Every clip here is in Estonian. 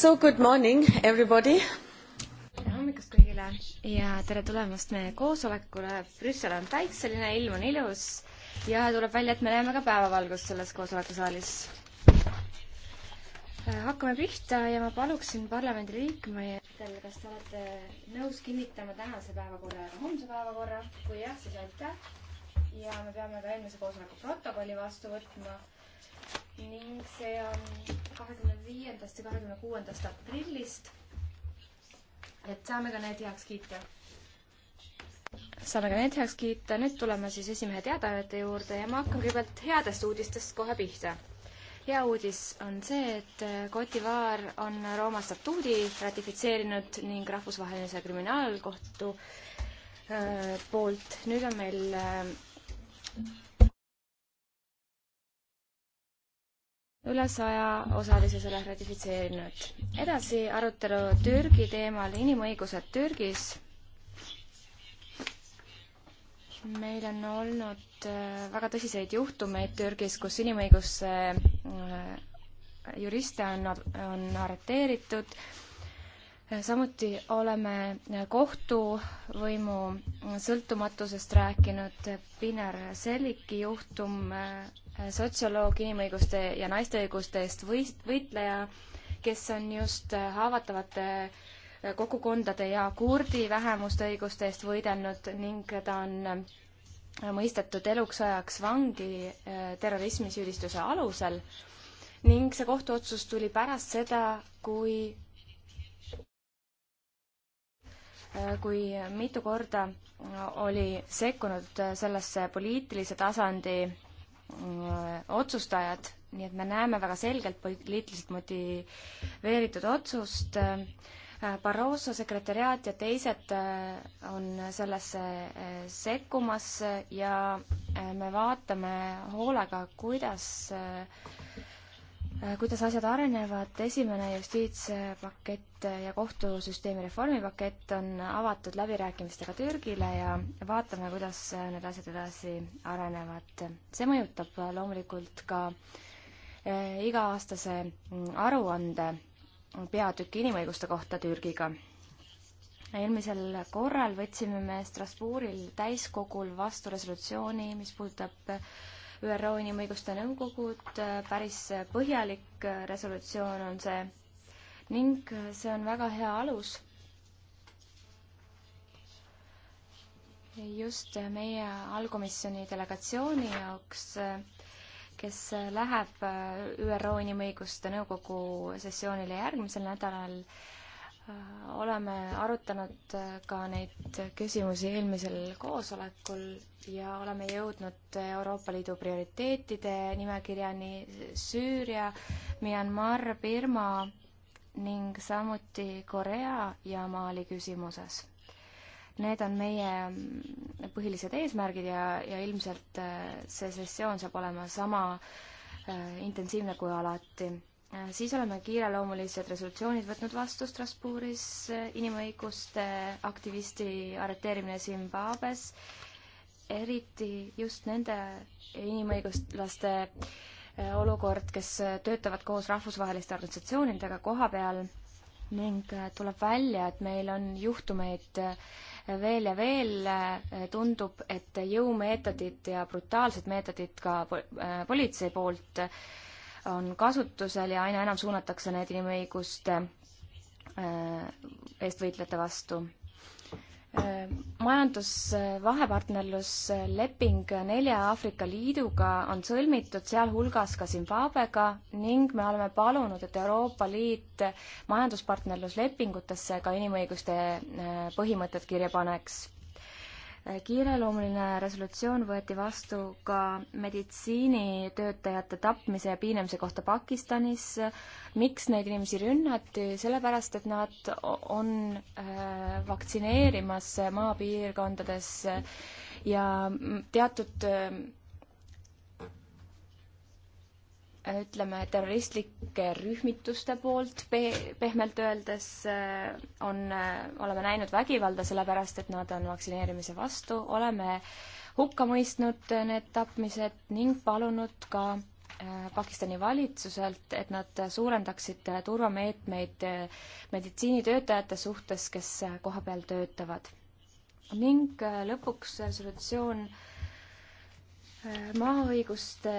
So good morning everybody. tere hommikust kõigile ja tere tulemast meie koosolekule. Brüssel on päikseline, ilm on ilus ja tuleb välja, et me näeme ka päevavalgust selles koosolekusaalis. Äh, hakkame pihta ja ma paluksin parlamendiliikmetel, kas te olete nõus kinnitama tänase päevakorra ja homse päevakorra. kui jah, siis aitäh. ja me peame ka eelmise koosoleku protokolli vastu võtma ning see on kahekümne viiendast ja kahekümne kuuendast aprillist. et saame ka need heaks kiita. saame ka need heaks kiita, nüüd tuleme siis esimehe teadaannete juurde ja ma hakkan kõigepealt headest uudistest kohe pihta. hea uudis on see, et Cote d'Ivoire on Rooma statuudi ratifitseerinud ning Rahvusvahelise Kriminaalkohtu äh, poolt. nüüd on meil äh, üle saja osalise selle ratifitseerinud. edasi arutelu Türgi teemal, inimõigused Türgis. meil on olnud äh, väga tõsiseid juhtumeid Türgis, kus inimõiguse äh, juriste on, on arreteeritud. samuti oleme äh, kohtuvõimu sõltumatusest rääkinud, Pinar Selliki juhtum sotsioloog, inimõiguste ja naiste õiguste eest võist-, võitleja, kes on just äh, haavatavate äh, kogukondade ja kurdi vähemuste õiguste eest võidelnud ning ta on äh, mõistetud eluks ajaks vangi terrorismisüüdistuse alusel ning see kohtuotsus tuli pärast seda, kui kui mitu korda oli sekkunud sellesse poliitilise tasandi otsustajad, nii et me näeme väga selgelt poliitiliselt motiveeritud otsust. Barroso sekretäriaat ja teised on sellesse sekkumas ja me vaatame hoolega, kuidas äh, Äh, kuidas asjad arenevad, esimene justiitspakett ja kohtusüsteemi reformipakett on avatud läbirääkimistega Türgile ja vaatame, kuidas äh, need asjad edasi arenevad. see mõjutab äh, loomulikult ka iga-aastase mm, aruande peatüki inimõiguste kohta Türgiga. eelmisel korral võtsime me Strasbourgil täiskogul vastu resolutsiooni, mis puudutab ÜRO Inimõiguste Nõukogud, äh, päris äh, põhjalik äh, resolutsioon on see ning see on väga hea alus just meie allkomisjoni delegatsiooni jaoks, kes läheb ÜRO Inimõiguste Nõukogu sessioonile järgmisel nädalal Äh, oleme arutanud äh, ka neid küsimusi eelmisel koosolekul ja oleme jõudnud Euroopa Liidu prioriteetide nimekirjani Süüria, Myanmar, Birma ning samuti Korea ja Mali küsimuses. Need on meie mm, põhilised eesmärgid ja, ja ilmselt äh, see sessioon saab olema sama intensiivne kui alati Äh, siis oleme kiireloomulised resolutsioonid võtnud vastu Strasbourgis, äh, inimõiguste aktivisti arreteerimine Zimbabwes, eriti just nende inimõiguslaste äh, olukord, kes töötavad koos rahvusvaheliste organisatsioonidega koha peal ning tuleb välja, et meil on juhtumeid veel ja veel, tundub, et jõumeetodid ja brutaalsed meetodid ka politsei poolt äh, on kasutusel ja aina enam suunatakse need inimõiguste äh, eest võitlejate vastu. Äh, majandusvahepartnerlusleping nelja Aafrika Liiduga on sõlmitud, sealhulgas ka Zimbabwega ning me oleme palunud, et Euroopa Liit majanduspartnerluslepingutesse ka inimõiguste äh, põhimõtted kirja paneks kiireloomuline resolutsioon võeti vastu ka meditsiinitöötajate tapmise ja piinamise kohta Pakistanis. miks neid inimesi rünnati? sellepärast, et nad on äh, vaktsineerimas maapiirkondades ja teatud äh, ütleme, terroristlike rühmituste poolt pe-, pehmelt öeldes äh, on, äh, oleme näinud vägivalda, sellepärast et nad on vaktsineerimise vastu, oleme hukka mõistnud äh, need tapmised ning palunud ka Pakistani valitsuselt, et nad suurendaksid turvameetmeid meditsiinitöötajate suhtes, kes kohapeal töötavad. ning lõpuks resolutsioon maaõiguste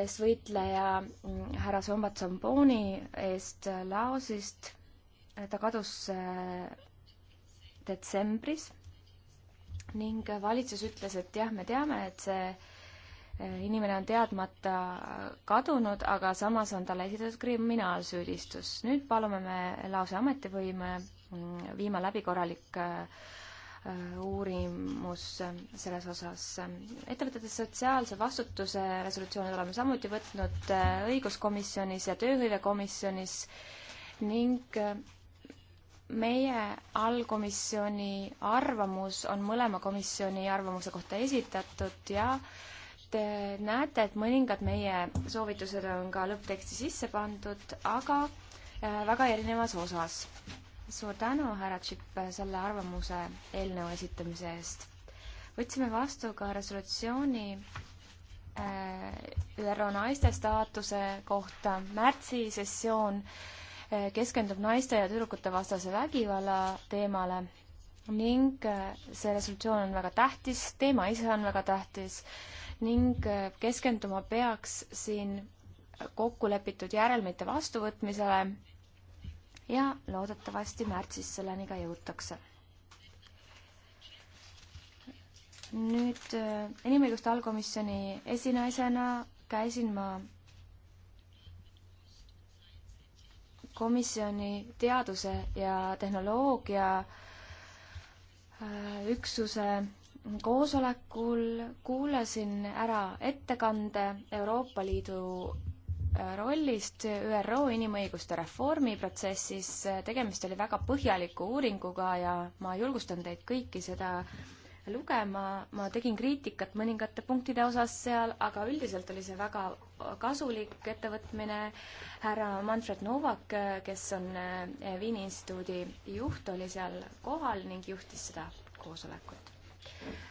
eest võitleja mm, härra Somba Tsomboni eest Laosist. ta kadus äh, detsembris ning valitsus ütles, et jah, me teame, et see äh, inimene on teadmata kadunud, aga samas on talle esitatud kriminaalsüüdistus. nüüd palume me Laose ametivõime mm, viima läbi korralik äh, Äh, uurimus selles osas. ettevõtete sotsiaalse vastutuse resolutsioonid oleme samuti võtnud äh, õiguskomisjonis ja tööhõivekomisjonis ning äh, meie allkomisjoni arvamus on mõlema komisjoni arvamuse kohta esitatud ja te näete, et mõningad meie soovitused on ka lõppteksti sisse pandud, aga väga erinevas osas suur tänu, härra Tšipp, selle arvamuse eelnõu esitamise eest. võtsime vastu ka resolutsiooni äh, ÜRO naiste staatuse kohta märtsi sessioon äh, keskendub naiste ja tüdrukute vastase vägivalla teemale ning äh, see resolutsioon on väga tähtis, teema ise on väga tähtis ning keskenduma peaks siin kokkulepitud järelmite vastuvõtmisele ja loodetavasti märtsis selleni ka jõutakse. nüüd äh, inimõiguste allkomisjoni esinaisena käisin ma komisjoni teaduse ja tehnoloogia äh, üksuse koosolekul kuulasin ära ettekande Euroopa Liidu rollist ÜRO inimõiguste reformi protsessis. tegemist oli väga põhjaliku uuringuga ja ma julgustan teid kõiki seda lugema. ma tegin kriitikat mõningate punktide osas seal, aga üldiselt oli see väga kasulik ettevõtmine. härra Manfred Novak, kes on Viini instituudi juht, oli seal kohal ning juhtis seda koosolekut.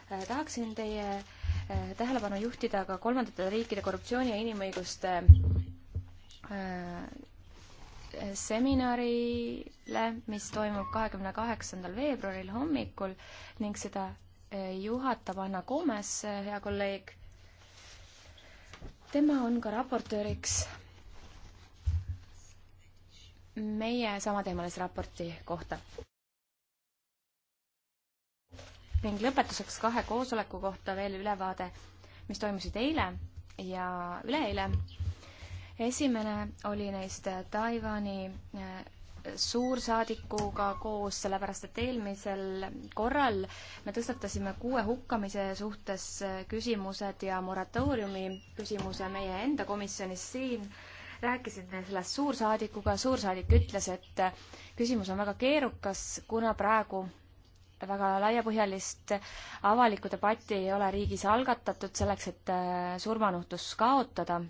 tahaksin teie eh, tähelepanu juhtida ka kolmandate riikide korruptsiooni ja inimõiguste Äh, seminarile, mis toimub kahekümne kaheksandal veebruaril hommikul ning seda äh, juhatab Anna Koomes, äh, hea kolleeg. tema on ka raportööriks meie samateemalise raporti kohta. ning lõpetuseks kahe koosoleku kohta veel ülevaade, mis toimusid eile ja üleeile esimene oli neist Taiwan'i eh, suursaadikuga koos, sellepärast et eelmisel korral me tõstatasime kuue hukkamise suhtes eh, küsimused ja moratooriumi küsimuse meie enda komisjonis siin. rääkisin sellest suursaadikuga, suursaadik ütles, et eh, küsimus on väga keerukas, kuna praegu väga laiapõhjalist avalikku debatti ei ole riigis algatatud selleks, et surmanuhtlus kaotada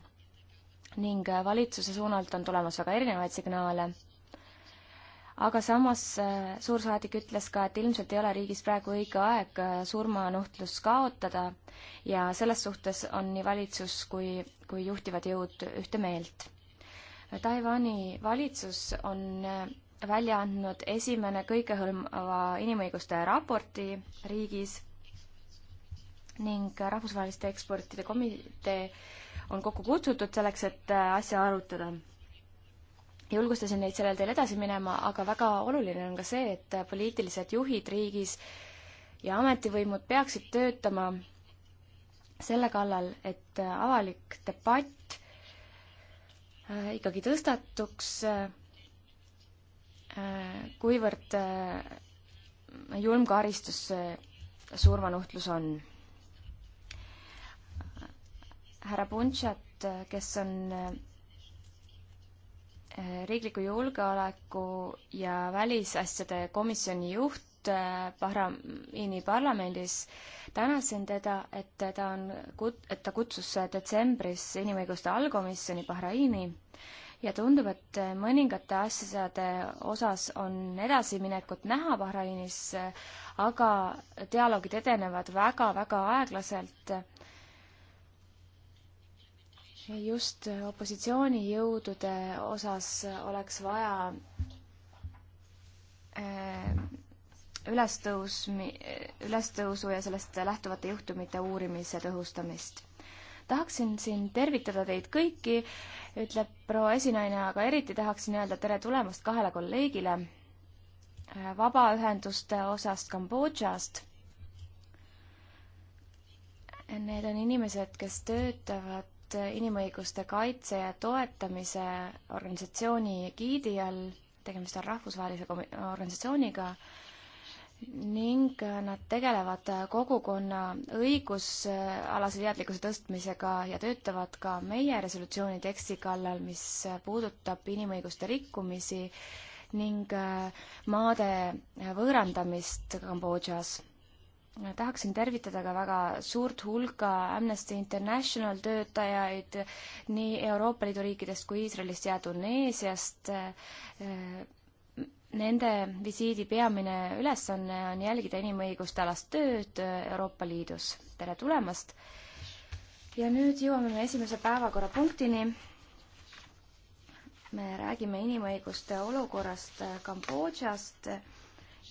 ning äh, valitsuse suunalt on tulemas väga erinevaid signaale. aga samas äh, suursaadik ütles ka, et ilmselt ei ole riigis praegu õige aeg äh, surmanuhtlus kaotada ja selles suhtes on nii valitsus kui, kui juhtivad jõud ühte meelt. Taiwan'i valitsus on välja andnud esimene kõikehõlmava inimõiguste raporti riigis ning rahvusvaheliste eksportide komitee on kokku kutsutud selleks, et äh, asja arutada. julgustasin neid sellel teel edasi minema, aga väga oluline on ka see, et äh, poliitilised juhid riigis ja ametivõimud peaksid töötama selle kallal, et äh, avalik debatt ikkagi tõstatuks, kuivõrd julm karistus surmanuhtlus on härra Puntšat, kes on eh, riikliku julgeoleku ja välisasjade komisjoni juht eh, Bahraini parlamendis, tänasin teda, et teda on, et ta kutsus detsembris inimõiguste allkomisjoni Bahraini ja tundub, et mõningate asjade osas on edasiminekut näha Bahrainis, eh, aga dialoogid edenevad väga-väga aeglaselt just opositsioonijõudude osas oleks vaja äh, ülestõusmi, ülestõusu ja sellest lähtuvate juhtumite uurimise tõhustamist. tahaksin siin tervitada teid kõiki, ütleb proua esinaine, aga eriti tahaksin öelda tere tulemast kahele kolleegile äh, vabaühenduste osast Kambodžast. Need on inimesed, kes töötavad Liit inimõiguste kaitse ja toetamise organisatsiooni giidi all, tegemist on rahvusvahelise organisatsiooniga, ning nad tegelevad kogukonna õigusalase teadlikkuse tõstmisega ja töötavad ka meie resolutsiooni teksti kallal, mis puudutab inimõiguste rikkumisi ning maade võõrandamist Kambodžas tahaksin tervitada ka väga suurt hulka Amnesty International töötajaid nii Euroopa Liidu riikidest kui Iisraelist ja Tuneesiast. Nende visiidi peamine ülesanne on jälgida inimõiguste alast tööd Euroopa Liidus. tere tulemast! ja nüüd jõuame me esimese päevakorrapunktini. me räägime inimõiguste olukorrast Kambodžast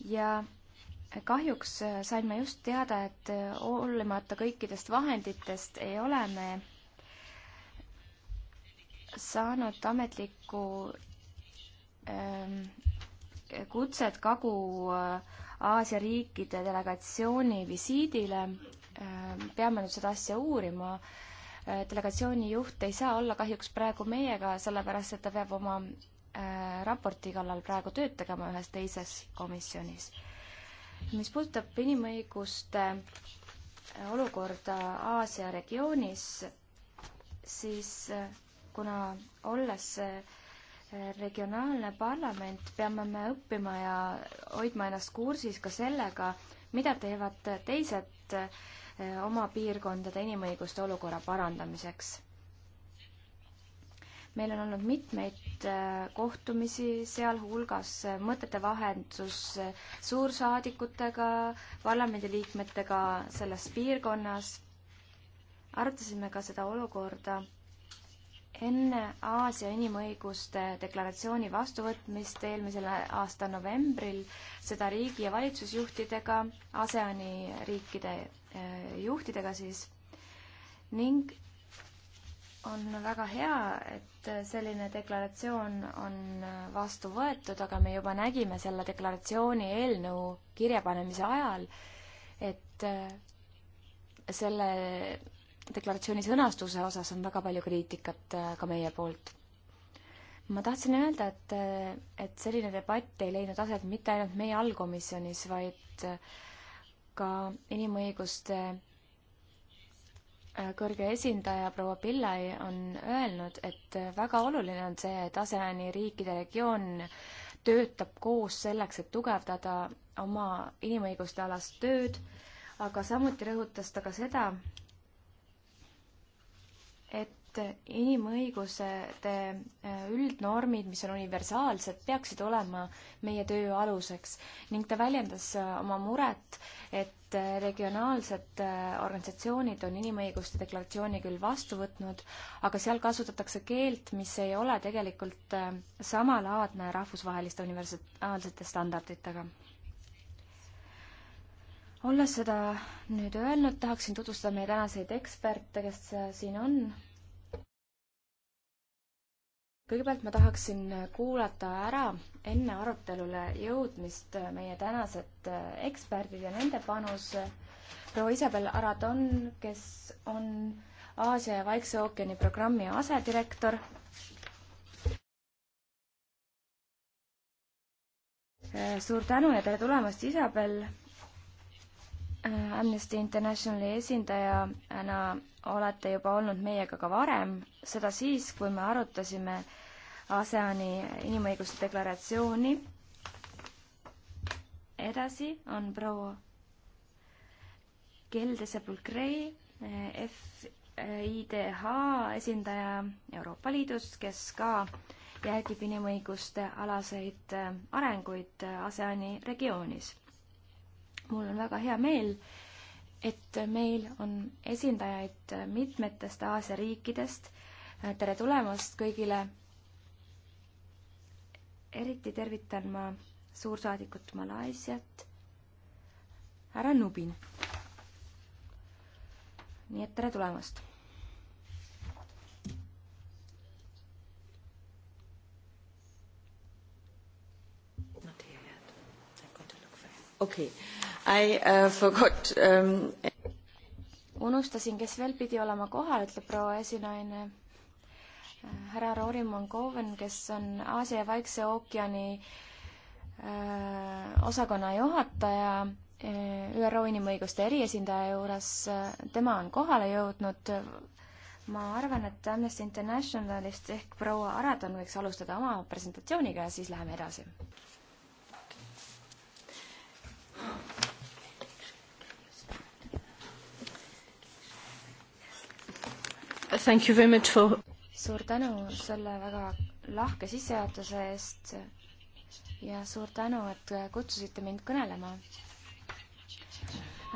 ja kahjuks äh, sain ma just teada, et hoolimata äh, kõikidest vahenditest ei ole me saanud ametlikku ähm, kutset Kagu-Aasia äh, riikide delegatsiooni visiidile. Ähm, peame nüüd seda asja uurima. delegatsiooni juht ei saa olla kahjuks praegu meiega, sellepärast et ta peab oma raporti kallal praegu tööd tegema ühes teises komisjonis mis puudutab inimõiguste olukorda Aasia regioonis, siis kuna olles regionaalne parlament, peame me õppima ja hoidma ennast kursis ka sellega, mida teevad teised oma piirkondade inimõiguste olukorra parandamiseks meil on olnud mitmeid äh, kohtumisi, sealhulgas äh, mõtete vahendus äh, suursaadikutega, parlamendiliikmetega selles piirkonnas. arutasime ka seda olukorda enne Aasia inimõiguste deklaratsiooni vastuvõtmist eelmisel aasta novembril, seda riigi ja valitsusjuhtidega, ASEAN-i riikide juhtidega siis, ning on väga hea, et selline deklaratsioon on vastu võetud, aga me juba nägime selle deklaratsiooni eelnõu kirjapanemise ajal, et äh, selle deklaratsiooni sõnastuse osas on väga palju kriitikat äh, ka meie poolt. ma tahtsin öelda, et, äh, et selline debatt ei leidnud aset mitte ainult meie allkomisjonis, vaid ka inimõiguste Äh, kõrge esindaja proua Pillai on öelnud, et väga oluline on see, et ASEAN-i riikide regioon töötab koos selleks, et tugevdada oma inimõiguste alast tööd, aga samuti rõhutas ta ka seda, et et inimõiguste eh, üldnormid, mis on universaalsed, peaksid olema meie töö aluseks ning ta väljendas eh, oma muret, et eh, regionaalsed organisatsioonid on inimõiguste deklaratsiooni küll vastu võtnud, aga seal kasutatakse keelt, mis ei ole tegelikult samalaadne rahvusvaheliste universaalsete standarditega olles seda nüüd öelnud, tahaksin tutvustada meie tänaseid eksperte, kes siin on kõigepealt ma tahaksin kuulata ära enne arutelule jõudmist meie tänased eksperdid ja nende panus. proua Isabel Aradon, kes on Aasia ja Vaikse ookeani programmi asedirektor. suur tänu ja tere tulemast, Isabel Äh, Amnesty Internationali esindajana olete juba olnud meiega ka varem, seda siis, kui me arutasime ASEAN-i inimõiguste deklaratsiooni. edasi on proua Gelde Sepulcrei, FIDH eh, esindaja Euroopa Liidust, kes ka jälgib inimõiguste alaseid eh, arenguid eh, ASEAN-i regioonis mul on väga hea meel, et meil on esindajaid mitmetest Aasia riikidest. tere tulemast kõigile. eriti tervitan ma suursaadikut Malaisiat, härra Nubin. nii et tere tulemast okei okay., I uh, forgot um.... unustasin, kes veel pidi olema kohal, ütleb proua esinaine. Äh, härra Rory Mongoven, kes on Aasia ja Vaikse ookeani äh, osakonna juhataja äh, ÜRO inimõiguste eriesindaja juures, äh, tema on kohale jõudnud. ma arvan, et Amnesty Internationalist ehk proua Aradan võiks alustada oma presentatsiooniga ja siis läheme edasi. Thank you very much for suur tänu selle väga lahke sissejuhatuse eest ja suur tänu, et kutsusite mind kõnelema.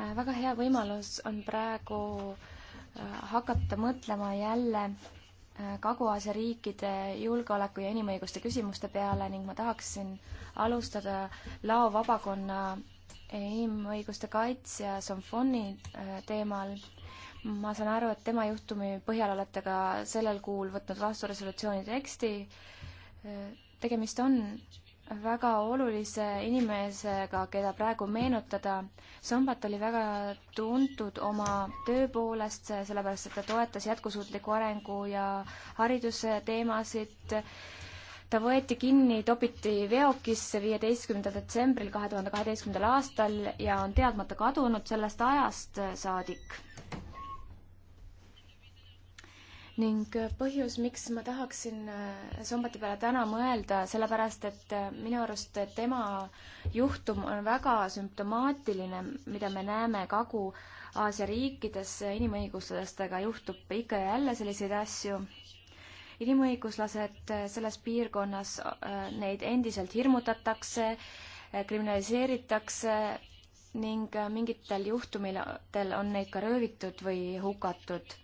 Äh, väga hea võimalus on praegu äh, hakata mõtlema jälle äh, Kagu-Aasia riikide julgeoleku ja inimõiguste küsimuste peale ning ma tahaksin alustada Lao vabakonna inimõiguste kaitsja Somfoni teemal ma saan aru, et tema juhtumi põhjal olete ka sellel kuul võtnud vastu resolutsiooni teksti. tegemist on väga olulise inimesega, keda praegu meenutada. Sombat oli väga tuntud oma töö poolest, sellepärast et ta toetas jätkusuutliku arengu ja hariduse teemasid ta võeti kinni, topiti veokisse viieteistkümnendal detsembril kahe tuhande kaheteistkümnendal aastal ja on teadmata kadunud sellest ajast saadik ning äh, põhjus, miks ma tahaksin äh, Sombati peale täna mõelda, sellepärast et äh, minu arust tema juhtum on väga sümptomaatiline, mida me näeme Kagu-Aasia riikides, inimõiguslastega juhtub ikka ja jälle selliseid asju. inimõiguslased selles piirkonnas, neid endiselt hirmutatakse, kriminaliseeritakse ning mingitel juhtumitel on neid ka röövitud või hukatud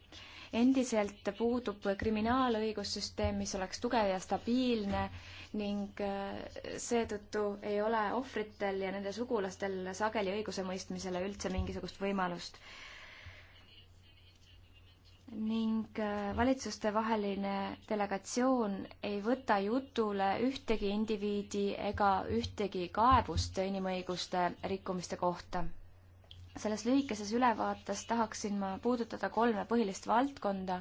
endiselt puudub kriminaalõigussüsteem, mis oleks tugev ja stabiilne ning äh, seetõttu ei ole ohvritel ja nende sugulastel sageli õigusemõistmisele üldse mingisugust võimalust ning äh, valitsustevaheline delegatsioon ei võta jutule ühtegi indiviidi ega ühtegi kaebust inimõiguste rikkumiste kohta selles lühikeses ülevaates tahaksin ma puudutada kolme põhilist valdkonda.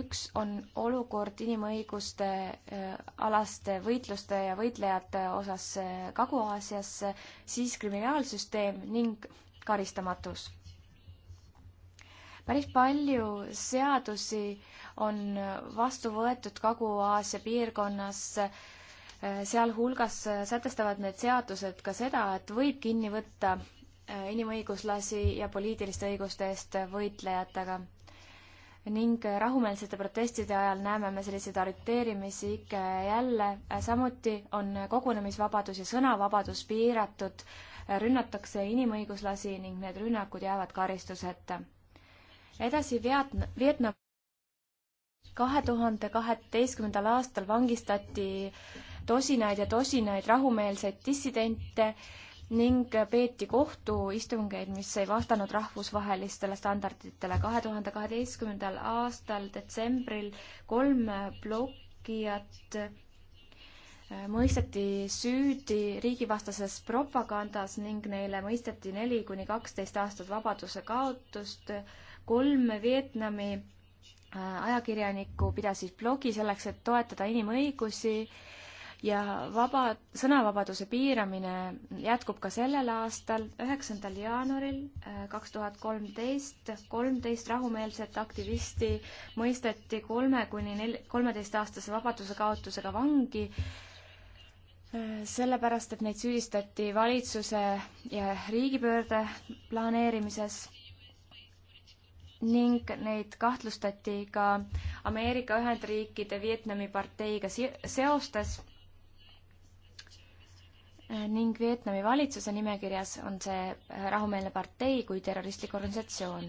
üks on olukord inimõiguste äh, alaste võitluste ja võitlejate osas äh, Kagu-Aasias, äh, siis kriminaalsüsteem ning karistamatus. päris palju seadusi on vastu võetud Kagu-Aasia piirkonnas sealhulgas sätestavad need seadused ka seda, et võib kinni võtta Äh, inimõiguslasi ja poliitiliste õiguste eest võitlejatega. ning äh, rahumeelsete protestide ajal näeme me selliseid arreteerimisi ikka ja jälle, äh, samuti on kogunemisvabadus ja sõnavabadus piiratud, rünnatakse inimõiguslasi ning need rünnakud jäävad karistuseta. edasi Vietnam, Vietnam kahe tuhande kaheteistkümnendal aastal vangistati tosinaid ja tosinaid rahumeelseid dissidente, ning peeti kohtuistungeid, mis ei vastanud rahvusvahelistele standarditele. kahe tuhande kaheteistkümnendal aastal detsembril kolm blokijat äh, mõisteti süüdi riigivastases propagandas ning neile mõisteti neli kuni kaksteist aastat vabaduse kaotust. kolm Vietnami äh, ajakirjanikku pidasid blogi selleks, et toetada inimõigusi ja vaba, sõnavabaduse piiramine jätkub ka sellel aastal, üheksandal jaanuaril äh, kaks tuhat kolmteist, kolmteist rahumeelset aktivisti mõisteti kolme kuni nel-, kolmeteistaastase vabadusekaotusega vangi, äh, sellepärast, et neid süüdistati valitsuse ja riigipöörde planeerimises ning neid kahtlustati ka Ameerika Ühendriikide Vietnami parteiga seostes ning Vietnami valitsuse nimekirjas on see rahumeelne partei kui terroristlik organisatsioon.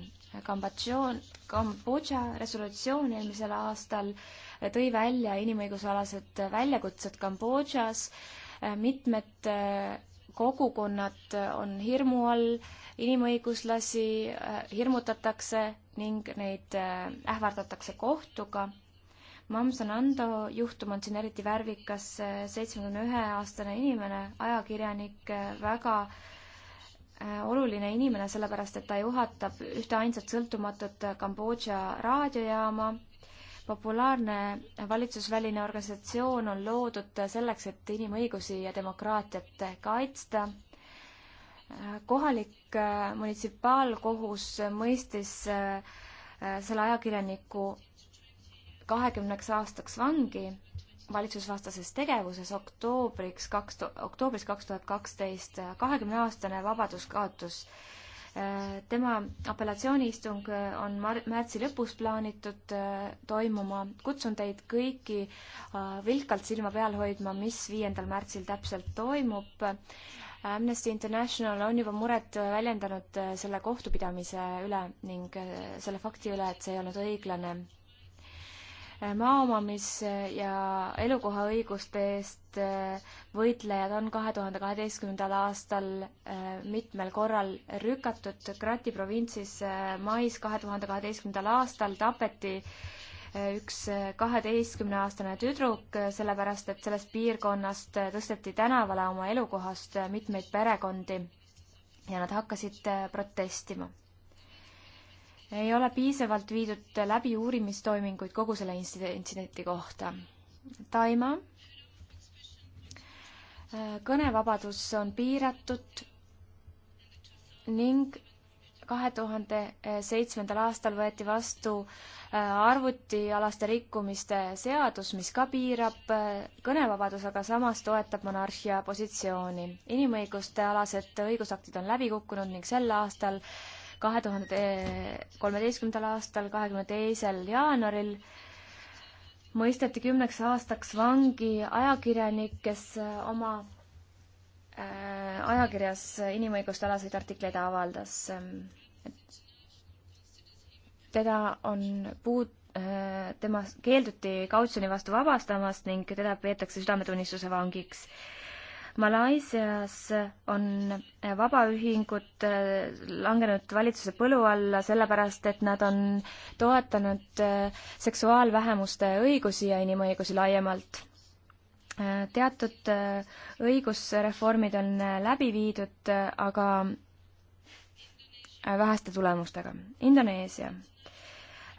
Kambodžoon, Kambodža resolutsioon eelmisel aastal tõi välja inimõigusalased väljakutsed Kambodžas, mitmed äh, kogukonnad on hirmu all, inimõiguslasi äh, hirmutatakse ning neid äh, ähvardatakse kohtuga Mamsanando juhtum on siin eriti värvikas, seitsmekümne ühe aastane inimene, ajakirjanik, väga äh, oluline inimene, sellepärast et ta juhatab ühteainsat sõltumatut Kambodža raadiojaama. populaarne valitsusväline organisatsioon on loodud selleks, et inimõigusi ja demokraatiat kaitsta. Äh, kohalik äh, munitsipaalkohus mõistis selle ajakirjaniku kahekümneks aastaks vangi valitsusvastases tegevuses oktoobriks kaks, oktoobris kaks tuhat kaksteist, kahekümne aastane vabaduskaotus. tema apellatsiooniistung on mar-, märtsi lõpus plaanitud äh, toimuma. kutsun teid kõiki äh, vilkalt silma peal hoidma, mis viiendal märtsil täpselt toimub. Amnesty International on juba muret väljendanud äh, selle kohtupidamise üle ning selle fakti üle, et see ei olnud õiglane maa omamis- ja elukohaõiguste eest äh, võitlejad on kahe tuhande kaheteistkümnendal aastal äh, mitmel korral rükatud. Grati provintsis äh, mais kahe tuhande kaheteistkümnendal aastal tapeti üks kaheteistkümneaastane tüdruk, sellepärast et sellest piirkonnast tõsteti tänavale oma elukohast mitmeid perekondi ja nad hakkasid protestima ei ole piisavalt viidud läbi uurimistoiminguid kogu selle intsidenti kohta. Taima. Äh, kõnevabadus on piiratud ning kahe tuhande äh, seitsmendal aastal võeti vastu äh, arvutialaste rikkumiste seadus, mis ka piirab kõnevabadus, aga samas toetab monarhia positsiooni. inimõiguste alased õigusaktid on läbi kukkunud ning sel aastal äh, kahe tuhande kolmeteistkümnendal aastal, kahekümne teisel jaanuaril mõisteti kümneks aastaks vangi ajakirjanik, kes äh, oma äh, ajakirjas inimõiguste alaseid artikleid avaldas. teda on puut-, äh, tema keelduti kautsjoni vastu vabastamast ning teda peetakse südametunnistuse vangiks Malaisias on vabaühingud äh, langenud valitsuse põlu alla sellepärast, et nad on toetanud äh, seksuaalvähemuste õigusi ja inimõigusi laiemalt. Äh, teatud õigusreformid on läbi viidud, aga väheste tulemustega. Indoneesia.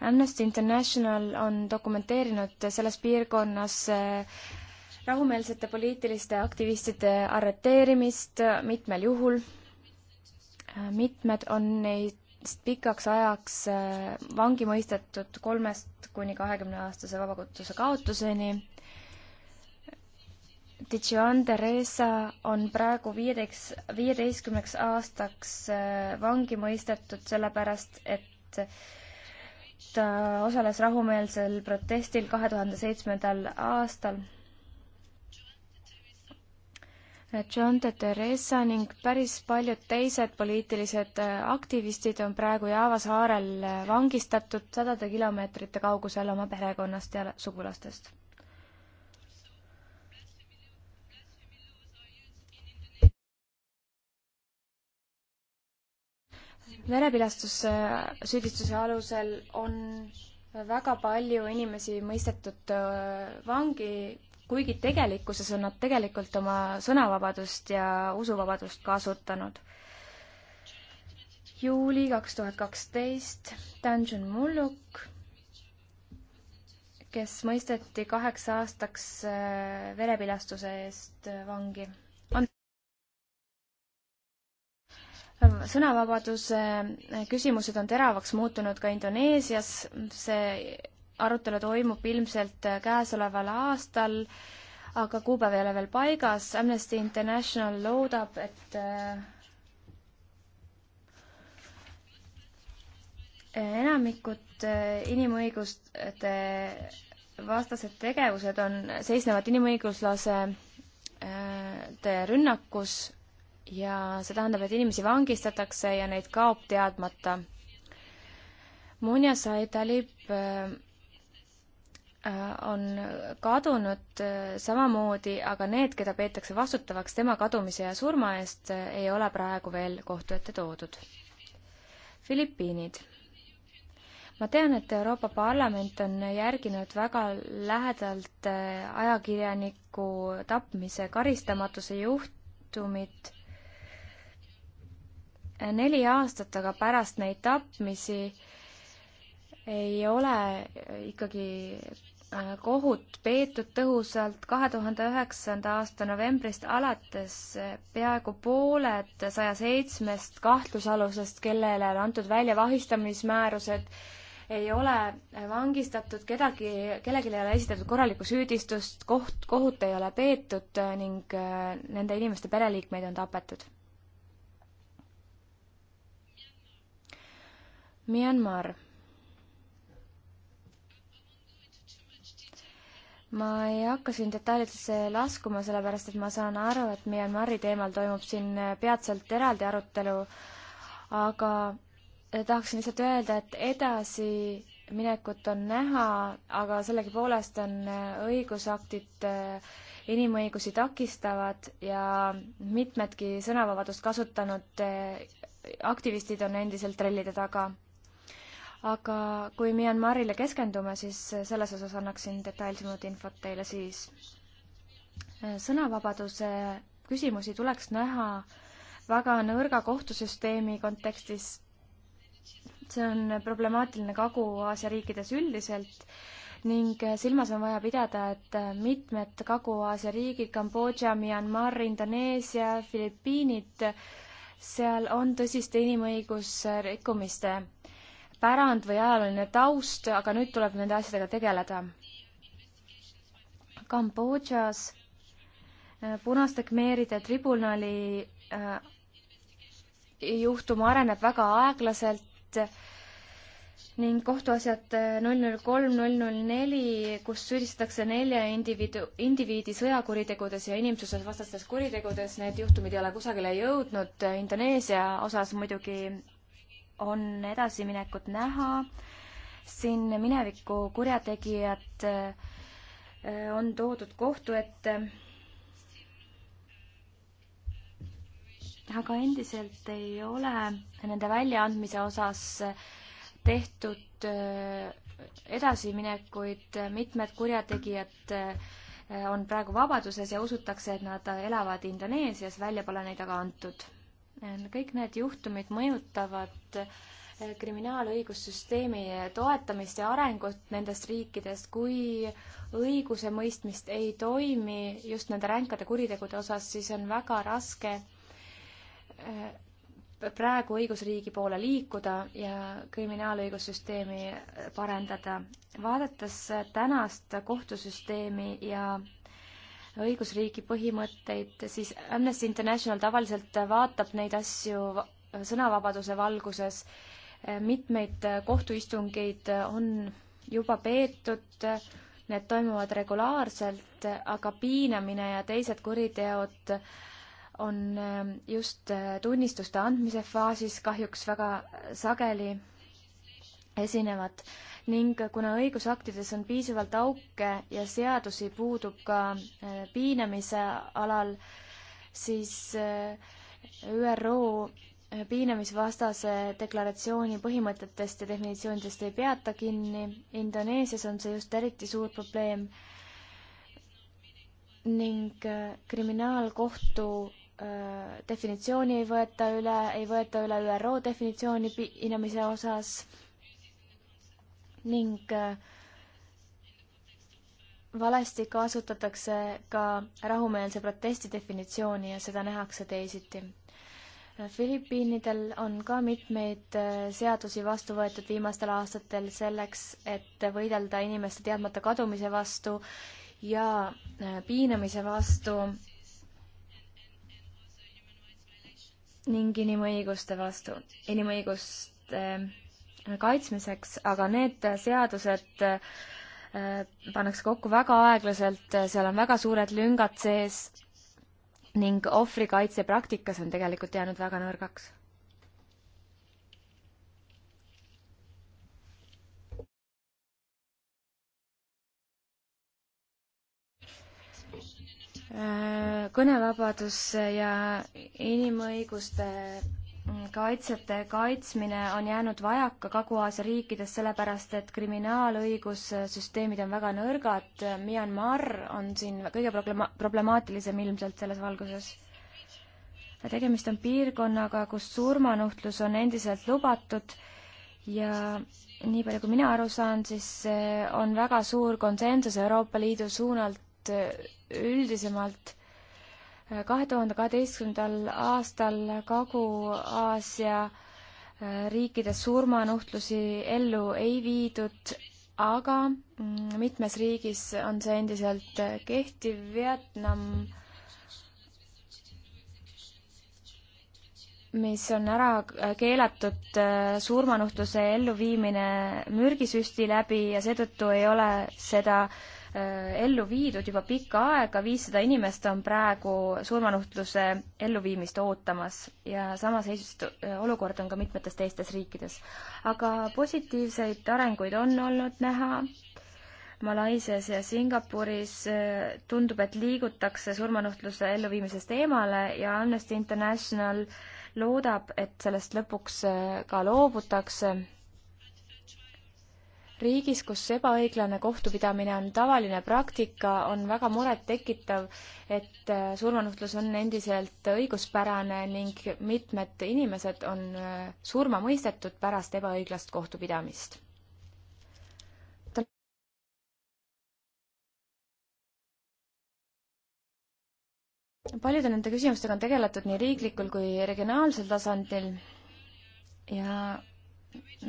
Amnesty International on dokumenteerinud selles piirkonnas rahumeelsete poliitiliste aktivistide arreteerimist mitmel juhul. mitmed on neist pikaks ajaks äh, vangi mõistetud kolmest kuni kahekümne aastase vabakutuse kaotuseni. Dijon Theresa on praegu viieteist, viieteistkümneks aastaks äh, vangi mõistetud sellepärast, et ta osales rahumeelsel protestil kahe tuhande seitsmendal aastal John de Teresa ning päris paljud teised poliitilised äh, aktivistid on praegu Java saarel äh, vangistatud sadade kilomeetrite kaugusel oma perekonnast ja sugulastest. verepilastussüüdistuse alusel on väga palju inimesi mõistetud äh, vangi kuigi tegelikkuses on nad tegelikult oma sõnavabadust ja usuvabadust kasutanud. juuli kaks tuhat kaksteist, Dungeon Mulluk, kes mõisteti kaheks aastaks äh, verepilastuse eest äh, vangi. on sõnavabaduse äh, küsimused on teravaks muutunud ka Indoneesias, see arutelu toimub ilmselt käesoleval aastal, aga kuupäev ei ole veel paigas. Amnesty International loodab, et äh, enamikud äh, inimõiguste vastased tegevused on, seisnevad inimõiguslase äh, rünnakus ja see tähendab, et inimesi vangistatakse ja neid kaob teadmata. Munja Said Talib Äh, on kadunud äh, samamoodi, aga need, keda peetakse vastutavaks tema kadumise ja surma eest, äh, ei ole praegu veel kohtu ette toodud. Filipiinid. ma tean, et Euroopa Parlament on järginud väga lähedalt ajakirjaniku tapmise karistamatuse juhtumit neli aastat, aga pärast neid tapmisi ei ole ikkagi Äh, kohut peetud tõhusalt kahe tuhande üheksanda aasta novembrist alates äh, peaaegu pooled saja seitsmest kahtlusalusest, kellele on antud välja vahistamismäärused, ei ole vangistatud, kedagi, kellelgi ei ole esitatud korralikku süüdistust, koht, kohut ei ole peetud äh, ning nende inimeste pereliikmeid on tapetud. Myanmar ma ei hakka siin detailidesse laskuma, sellepärast et ma saan aru, et Myanmari teemal toimub siin peatselt eraldi arutelu, aga eh, tahaksin lihtsalt öelda, et edasiminekut on näha, aga sellegipoolest on eh, õigusaktid eh, inimõigusi takistavad ja mitmedki sõnavabadust kasutanud aktivistid on endiselt trellide taga aga kui Myanmarile keskendume, siis äh, selles osas annaksin detailsemat infot teile siis. Äh, sõnavabaduse küsimusi tuleks näha väga nõrga kohtusüsteemi kontekstis. see on problemaatiline Kagu-Aasia riikides üldiselt ning äh, silmas on vaja pidada, et mitmed Kagu-Aasia riigid, Kambodža, Myanmar, Indoneesia, Filipiinid, seal on tõsiste inimõigusrikkumiste pärand või ajalooline taust, aga nüüd tuleb nende asjadega tegeleda. Kambodžas äh, punaste kmeeride tribunali äh, juhtum areneb väga aeglaselt äh, ning kohtuasjad null null kolm, null null neli, kus süüdistatakse nelja indiviidu, indiviidi sõjakuritegudes ja inimsusevastastes kuritegudes, need juhtumid ei ole kusagile jõudnud. Indoneesia osas muidugi on edasiminekut näha. siin mineviku kurjategijad äh, on toodud kohtu ette. aga endiselt ei ole nende väljaandmise osas tehtud äh, edasiminekuid, mitmed kurjategijad äh, on praegu vabaduses ja usutakse, et nad elavad Indoneesias, välja pole neid aga antud kõik need juhtumid mõjutavad eh, kriminaalõigussüsteemi toetamist ja arengut nendest riikidest, kui õigusemõistmist ei toimi just nende ränkade kuritegude osas, siis on väga raske eh, praegu õigusriigi poole liikuda ja kriminaalõigussüsteemi parendada. vaadates tänast kohtusüsteemi ja õigusriigi põhimõtteid, siis Amnesty International tavaliselt vaatab neid asju sõnavabaduse valguses. mitmeid kohtuistungeid on juba peetud, need toimuvad regulaarselt, aga piinamine ja teised kuriteod on just tunnistuste andmise faasis kahjuks väga sageli esinevad ning kuna õigusaktides on piisavalt auke ja seadusi puudub ka äh, piinamise alal, siis äh, ÜRO äh, piinamisvastase deklaratsiooni põhimõtetest ja definitsioonidest ei peata kinni. Indoneesias on see just eriti suur probleem ning kriminaalkohtu definitsiooni ei võeta üle, ei võeta üle ÜRO definitsiooni piinamise osas ning äh, valesti kasutatakse ka rahumeelse protesti definitsiooni ja seda nähakse teisiti. Filipiinidel on ka mitmeid äh, seadusi vastu võetud viimastel aastatel selleks, et võidelda inimeste teadmata kadumise vastu ja äh, piinamise vastu ning inimõiguste vastu, inimõiguste äh, kaitsmiseks, aga need seadused äh, pannakse kokku väga aeglaselt, seal on väga suured lüngad sees ning ohvrikaitse praktikas on tegelikult jäänud väga nõrgaks äh, kõnevabadus ja inimõiguste kaitsjate kaitsmine on jäänud vajaka Kagu-Aasia riikides, sellepärast et kriminaalõigussüsteemid on väga nõrgad. Myanmar on siin kõige problema-, problemaatilisem ilmselt selles valguses. tegemist on piirkonnaga, kus surmanuhtlus on endiselt lubatud ja nii palju, kui mina aru saan, siis on väga suur konsensus Euroopa Liidu suunalt üldisemalt kahe tuhande kaheteistkümnendal aastal Kagu-Aasia äh, riikides surmanuhtlusi ellu ei viidud, aga mm, mitmes riigis on see endiselt kehtiv. Vietnam, mis on ära keelatud äh, surmanuhtluse elluviimine mürgisüsti läbi ja seetõttu ei ole seda äh, Äh, ellu viidud juba pikka aega, viissada inimest on praegu surmanuhtluse elluviimist ootamas ja sama seisust äh, olukord on ka mitmetes teistes riikides. aga positiivseid arenguid on olnud näha Malaisias ja Singapuris äh, tundub, et liigutakse surmanuhtluse elluviimisest eemale ja Amnesty International loodab, et sellest lõpuks ka loobutakse riigis, kus ebaõiglane kohtupidamine on tavaline praktika, on väga murettekitav, et äh, surmanuhtlus on endiselt õiguspärane ning mitmed inimesed on äh, surma mõistetud pärast ebaõiglast kohtupidamist. paljude nende küsimustega on tegeletud nii riiklikul kui regionaalsel tasandil ja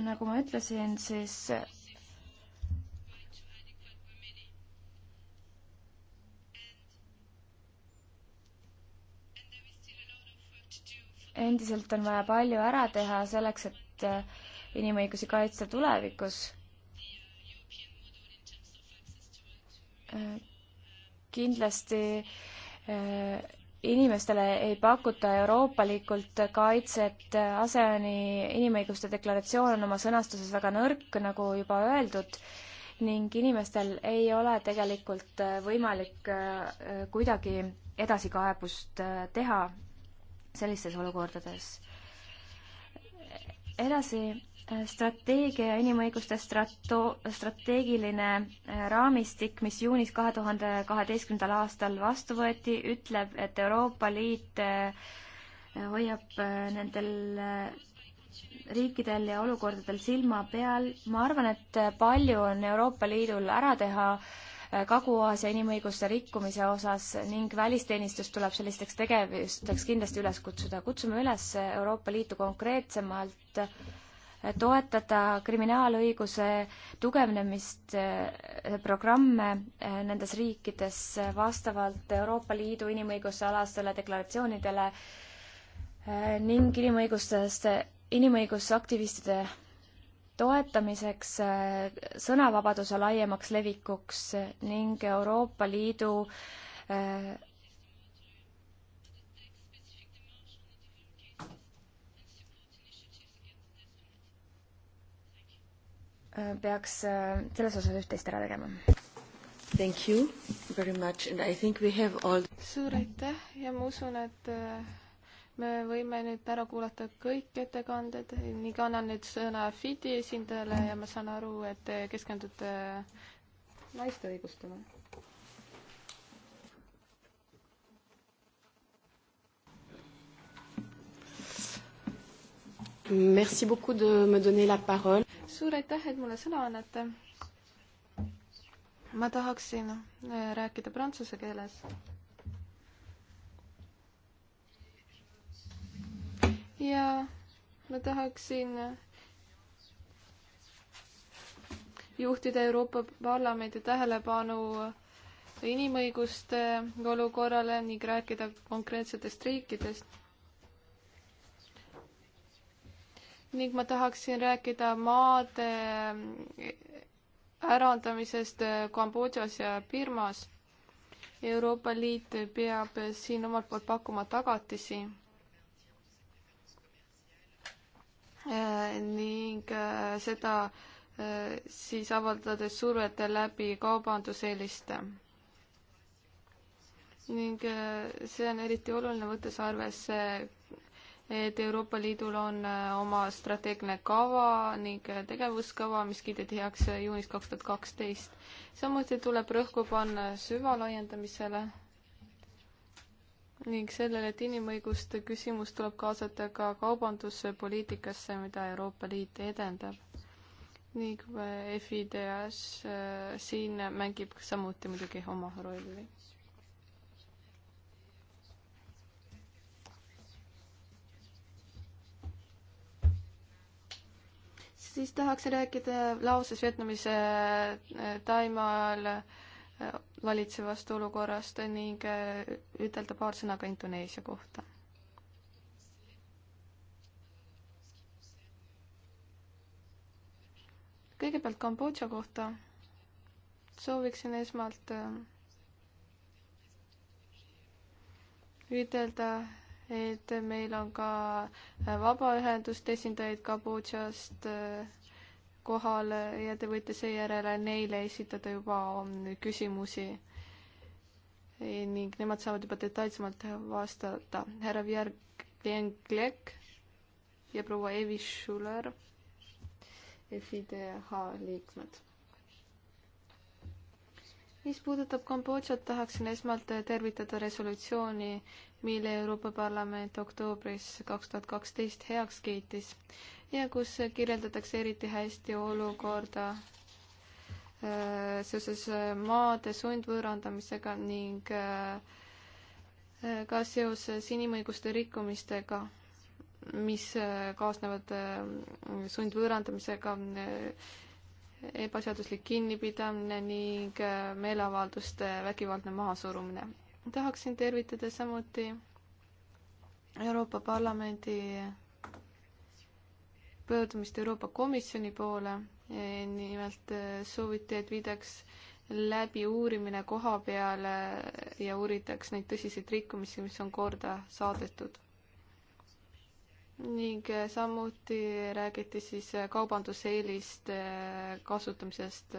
nagu ma ütlesin, siis endiselt on vaja palju ära teha selleks, et äh, inimõigusi kaitsta tulevikus. Äh, kindlasti äh, inimestele ei pakuta euroopalikult kaitset, ASEAN-i inimõiguste deklaratsioon on oma sõnastuses väga nõrk, nagu juba öeldud, ning inimestel ei ole tegelikult võimalik kuidagi edasikaebust teha sellistes olukordades. edasi äh, strateegia ja inimõiguste strato-, strateegiline äh, raamistik, mis juunis kahe tuhande kaheteistkümnendal aastal vastu võeti, ütleb, et Euroopa Liit äh, hoiab nendel riikidel ja olukordadel silma peal. ma arvan, et palju on Euroopa Liidul ära teha äh, Äh, Kagu-Aasia inimõiguste rikkumise osas ning välisteenistus tuleb sellisteks tegevusteks kindlasti üles kutsuda. kutsume üles Euroopa Liitu konkreetsemalt äh, toetada kriminaalõiguse tugevnemist, äh, programme nendes riikides vastavalt Euroopa Liidu inimõiguste alastele deklaratsioonidele ning inimõigustest, inimõigusaktivistide toetamiseks, äh, sõnavabaduse laiemaks levikuks ning Euroopa Liidu äh, peaks äh, selles osas üht-teist ära tegema. Thank you very much and I think we have all suur aitäh ja ma usun, et me võime nüüd ära kuulata kõik ettekanded ning annan nüüd sõna FIDi esindajale ja ma saan aru, et te keskendute naiste õigustele. Merci beaucoup de me donner la parole. suur aitäh, et mulle sõna annate. ma tahaksin äh, rääkida prantsuse keeles ja ma tahaksin juhtida Euroopa Parlamendi tähelepanu inimõiguste olukorrale ning rääkida konkreetsetest riikidest. ning ma tahaksin rääkida maade ärandamisest Kambodžas ja Birmas. Euroopa Liit peab siin omalt poolt pakkuma tagatisi Äh, ning äh, seda äh, siis avaldades survet läbi kaubanduseeliste. ning see on eriti oluline, võttes arvesse, et Euroopa Liidul on oma strateegiline kava ning tegevuskava, mis kiideti heaks juunis kaks tuhat kaksteist. samuti tuleb rõhku panna süvalaiendamisele ning sellele, et inimõiguste küsimus tuleb kaasata ka kaubanduspoliitikasse, mida Euroopa Liit edendab. ning FIDH eh, eh, siin mängib samuti muidugi oma rolli. siis tahaks rääkida lauses Vietnamis eh, Taimaal äh, valitsevast olukorrast ning äh, ütelda paar sõna ka Indoneesia kohta. kõigepealt Kambodža kohta sooviksin esmalt äh, ütelda, et meil on ka äh, vabaühenduste esindajaid Kambodžast kohal ja te võite seejärel neile esitada juba um, küsimusi e, ning nemad saavad juba detailsemalt vastata. härra Vjergenglek ja proua Evi Schuler, FIDH liikmed. mis puudutab Kambodžat, tahaksin esmalt tervitada resolutsiooni, mille Euroopa Parlament oktoobris kaks tuhat kaksteist heaks kiitis ja kus kirjeldatakse eriti hästi olukorda äh, seoses äh, maade sundvõõrandamisega ning äh, ka seoses inimõiguste rikkumistega, mis kaasnevad sundvõõrandamisega, ebaseaduslik kinnipidamine ning meeleavalduste vägivaldne mahasurumine. tahaksin tervitada samuti Euroopa Parlamendi pöördumist Euroopa Komisjoni poole. E, nimelt e, sooviti, et viidaks läbi uurimine koha peale ja uuritaks neid tõsiseid rikkumisi, mis on korda saadetud. ning e, samuti räägiti siis kaubanduseeliste kasutamisest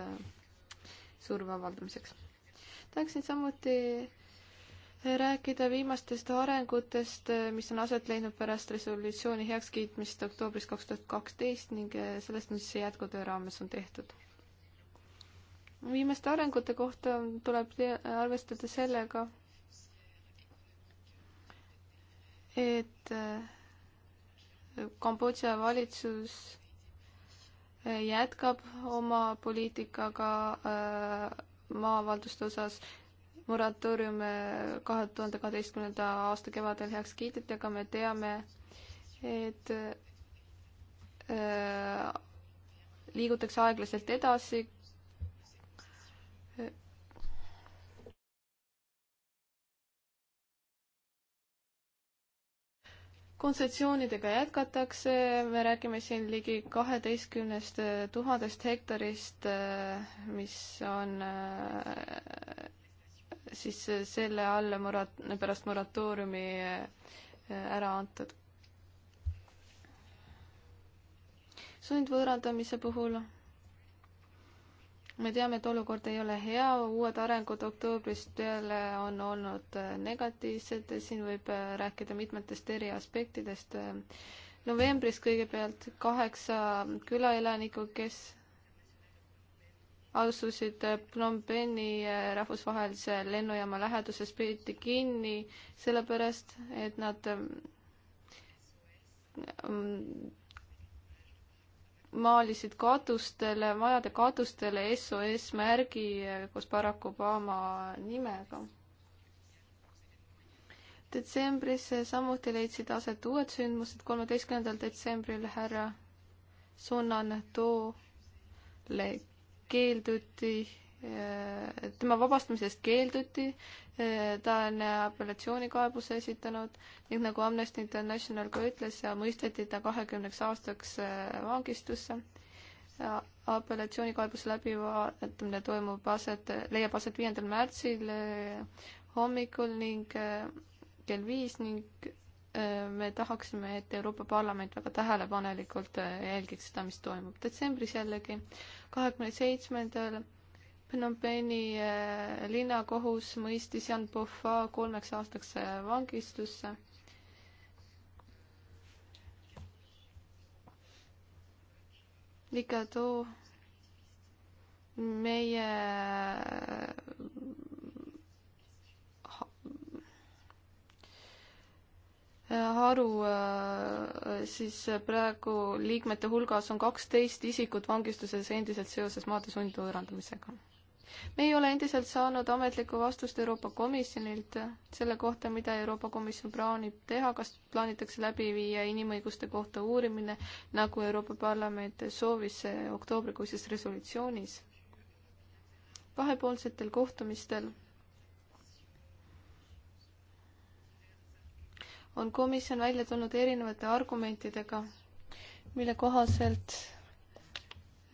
surve avaldamiseks. tahaksin samuti rääkida viimastest arengutest, mis on aset leidnud pärast resolutsiooni heakskiitmist oktoobris kaks tuhat kaksteist ning eh, sellest, mis jätkutöö raames on tehtud. viimaste arengute kohta tuleb arvestada sellega, et eh, Kambodža valitsus eh, jätkab oma poliitikaga maavalduste osas moratoorium kahe tuhande kaheteistkümnenda aasta kevadel heaks kiideti, aga me teame, et äh, liigutakse aeglaselt edasi. kontsessioonidega jätkatakse, me räägime siin ligi kaheteistkümnest tuhandest hektarist, äh, mis on äh, siis selle alla morat-, pärast moratooriumi äh, ära antud. sundvõõrandamise puhul me teame, et olukord ei ole hea, uued arengud oktoobrist peale on olnud äh, negatiivsed, siin võib äh, rääkida mitmetest eri aspektidest. novembris kõigepealt kaheksa külaelanikku, kes asusid eh, Phnom Penhi eh, rahvusvahelise lennujaama läheduses, peeti kinni sellepärast, et nad eh, mm, mm, maalisid katustele, majade katustele SOS märgi koos Barack Obama nimega detsembris samuti leidsid aset uued sündmused, kolmeteistkümnendal detsembril härra Sunan Toole keelduti, äh, tema vabastamisest keelduti, äh, ta on apellatsioonikaebuse esitanud ning nagu Amnesty International ka ütles, äh, mõisteti ta kahekümneks aastaks vangistusse. apellatsioonikaebuse läbivaatamine toimub aset, leiab aset viiendal märtsil hommikul ning kell viis ning Äh, me tahaksime, et Euroopa Parlament väga tähelepanelikult äh, jälgiks seda, mis toimub. detsembris jällegi, kahekümne seitsmendal Phnom Penhi äh, linnakohus mõistis Jan Pohva kolmeks aastaks vangistusse. Ligado meie Äh, haru äh, siis praegu liikmete hulgas on kaksteist isikut vangistuses endiselt seoses maade sundvõõrandamisega. me ei ole endiselt saanud ametlikku vastust Euroopa Komisjonilt selle kohta, mida Euroopa Komisjon plaanib teha, kas plaanitakse läbi viia inimõiguste kohta uurimine, nagu Euroopa Parlament soovis oktoobrikuises resolutsioonis. kahepoolsetel kohtumistel on komisjon välja tulnud erinevate argumentidega, mille kohaselt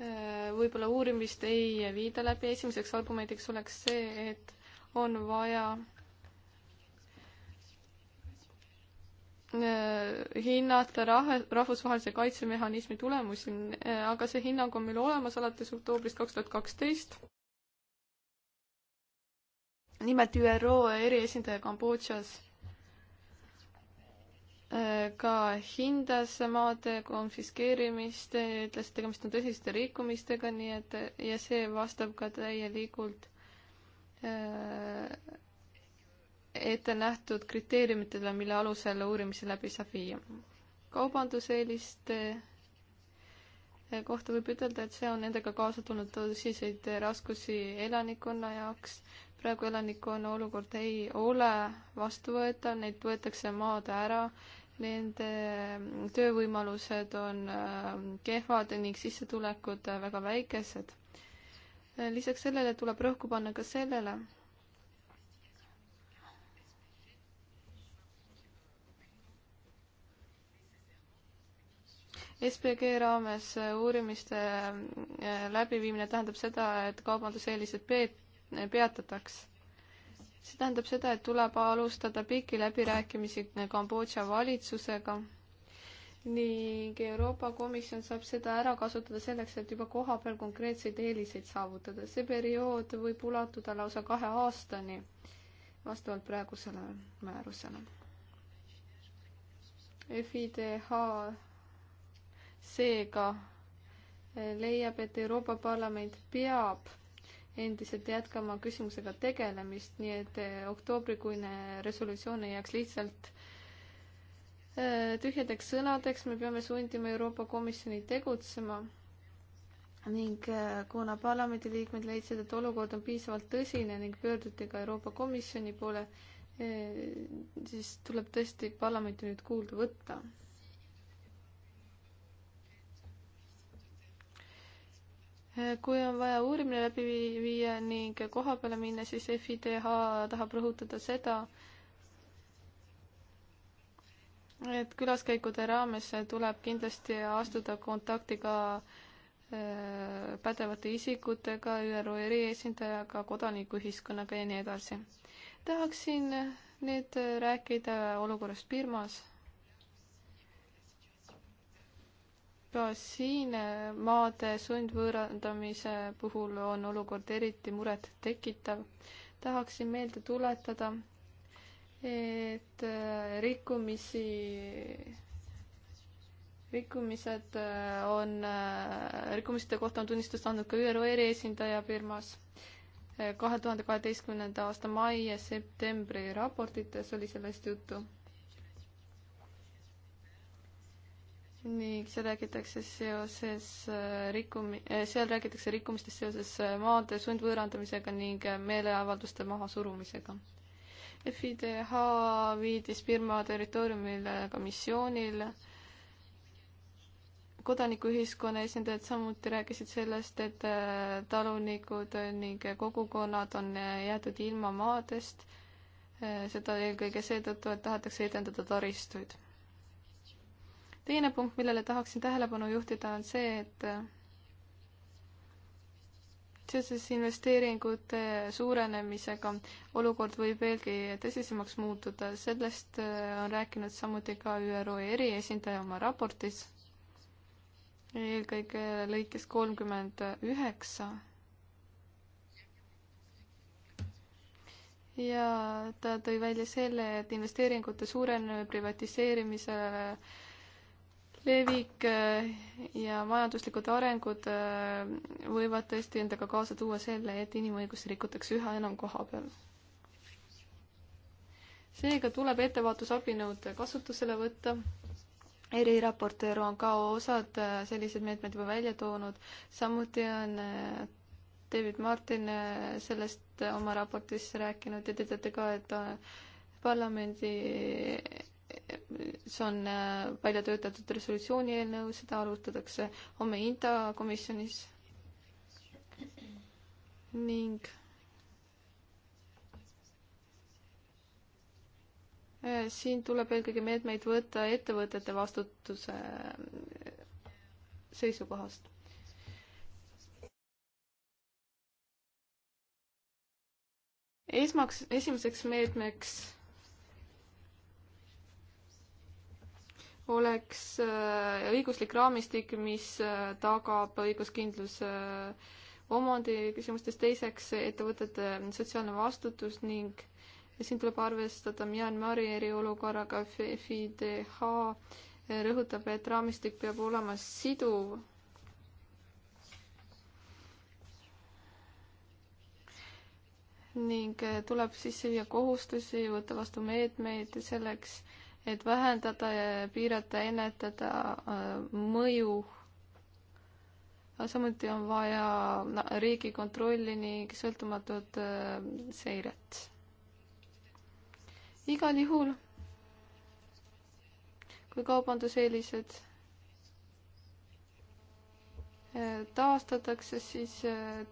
äh, võib-olla uurimist ei viida läbi, esimeseks argumendiks oleks see, et on vaja äh, hinnata rahe, rahvusvahelise kaitsemehhanismi tulemusi, äh, aga see hinnang on meil olemas alates oktoobrist kaks tuhat kaksteist. nimelt ÜRO eriesindaja Kambodžas ka hindas maade konfiskeerimist, ütles, et tegemist on tõsiste rikkumistega, nii et ja see vastab ka täielikult äh, ette nähtud kriteeriumitele, mille alusel uurimise läbi saab viia. kaubanduseeliste äh, kohta võib ütelda, et see on nendega kaasa tulnud tõsiseid raskusi elanikkonna jaoks. praegu elanikkonna olukord ei ole vastuvõetav, neilt võetakse maad ära Nende mm, töövõimalused on äh, kehvad ning sissetulekud äh, väga väikesed. Äh, lisaks sellele tuleb rõhku panna ka sellele, SPG raames uurimiste läbiviimine tähendab seda, et kaubanduseelised peatatakse see tähendab seda, et tuleb alustada pikki läbirääkimisi Kambodža valitsusega ning Euroopa Komisjon saab seda ära kasutada selleks, et juba kohapeal konkreetseid eeliseid saavutada. see periood võib ulatuda lausa kahe aastani vastavalt praegusele määrusele. FIDH seega leiab, et Euroopa Parlament peab endiselt jätkama küsimusega tegelemist, nii et eh, oktoobrikuine resolutsioon ei jääks lihtsalt eh, tühjadeks sõnadeks, me peame sundima Euroopa Komisjoni tegutsema ning eh, kuna parlamendiliikmed leidsid, et olukord on piisavalt tõsine ning pöörduti ka Euroopa Komisjoni poole, siis tuleb tõesti parlamenti nüüd kuulda võtta kui on vaja uurimine läbi viia ning koha peale minna, siis FIDH tahab rõhutada seda, et külaskäikude raames tuleb kindlasti astuda kontakti ka äh, pädevate isikutega, ÜRO eriesindajaga, kodanikuühiskonnaga ja nii edasi. tahaksin nüüd rääkida olukorrast Birmas ka siin maade sundvõõrandamise puhul on olukord eriti muret tekitav. tahaksin meelde tuletada, et äh, rikkumisi, rikkumised äh, on, äh, rikkumiste kohta on tunnistust andnud ka ÜRO eriesindaja Birmas kahe tuhande kaheteistkümnenda aasta mai ja septembri raportites oli sellest juttu ning seal räägitakse seoses äh, rikkumi-, äh, seal räägitakse rikkumistest seoses äh, maade sundvõõrandamisega ning meeleavalduste mahasurumisega. FIDH viidis Birma territooriumile ka missioonile. kodanikuühiskonna esindajad samuti rääkisid sellest, et talunikud ning kogukonnad on jäetud ilma maadest, seda eelkõige seetõttu, et tahetakse edendada taristuid teine punkt, millele tahaksin tähelepanu juhtida, on see, et seoses investeeringute suurenemisega olukord võib veelgi tõsisemaks muutuda, sellest äh, on rääkinud samuti ka ÜRO eriesindaja oma raportis, eelkõige lõikes kolmkümmend üheksa ja ta tõi välja selle, et investeeringute suurenemine privatiseerimisele levik äh, ja majanduslikud arengud äh, võivad tõesti endaga kaasa tuua selle, et inimõigusi rikutakse üha enam koha peal. seega tuleb ettevaatusabinõud kasutusele võtta. eriraportöör on ka osad äh, sellised meetmed juba välja toonud, samuti on David Martin sellest oma raportis rääkinud ja te teate ka, et parlamendi see on äh, välja töötatud resolutsiooni eelnõu, seda arutatakse homme INTA komisjonis ning äh, siin tuleb eelkõige meetmeid võtta ettevõtete vastutuse äh, seisukohast. esmaks, esimeseks meetmeks oleks äh, õiguslik raamistik, mis äh, tagab õiguskindluse äh, omandiküsimustes, teiseks ettevõtete sotsiaalne vastutus ning siin tuleb arvestada Myanmari eriolukorraga, FIDH rõhutab, et raamistik peab olema siduv. ning tuleb sisse viia kohustusi, võtta vastu meetmeid selleks, et vähendada ja piirata, ennetada äh, mõju. samuti on vaja riigikontrolli ning sõltumatut äh, seiret. igal juhul, kui kaubanduseelised äh, taastatakse, siis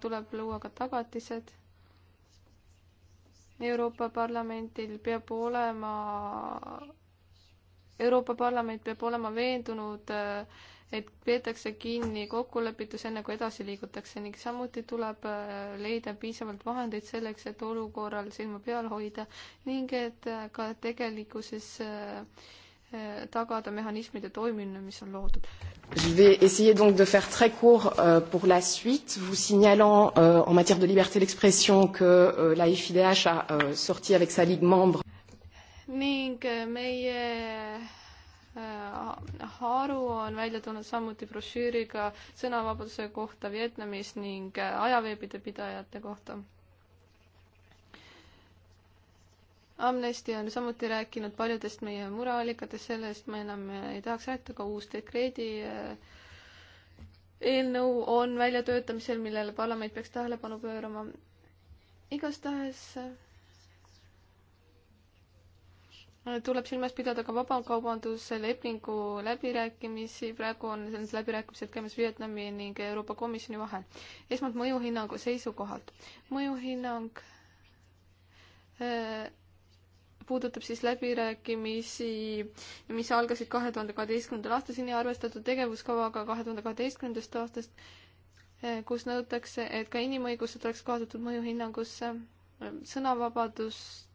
tuleb luua ka tagatised Euroopa Parlamendil peab olema Euroopa Parlament peab olema veendunud, äh, et peetakse kinni kokkulepitus, enne kui edasi liigutakse ning samuti tuleb äh, leida piisavalt vahendeid selleks, et olukorral silma peal hoida ning et äh, ka tegelikkuses tagada mehhanismide toimimine, mis on loodud. Je vais essayer donc de faire très court euh, pour la suite, vous signalant euh, en matière de liberté d'expression que euh, la FIDH a euh, sorti avec sa Ligue membre ning äh, meie äh, Haru on välja tulnud samuti brošüüriga sõnavabaduse kohta Vietnamis ning äh, ajaveebide pidajate kohta. Amnesty on samuti rääkinud paljudest meie mureallikatest, sellest me enam ei tahaks rääkida, aga uus dekreedi eelnõu on väljatöötamisel, millele parlament peaks tähelepanu pöörama. igastahes tuleb silmas pidada ka vabakaubanduse lepingu läbirääkimisi, praegu on need läbirääkimised käimas Vietnami ning Euroopa Komisjoni vahel. esmalt mõjuhinnangu seisukohalt. mõjuhinnang äh, puudutab siis läbirääkimisi, mis algasid kahe tuhande kaheteistkümnendal aastal, siin ei arvestatud tegevuskavaga kahe tuhande kaheteistkümnendast aastast, äh, kus nõutakse, et ka inimõigused oleks kaasatud mõjuhinnangusse, sõnavabadust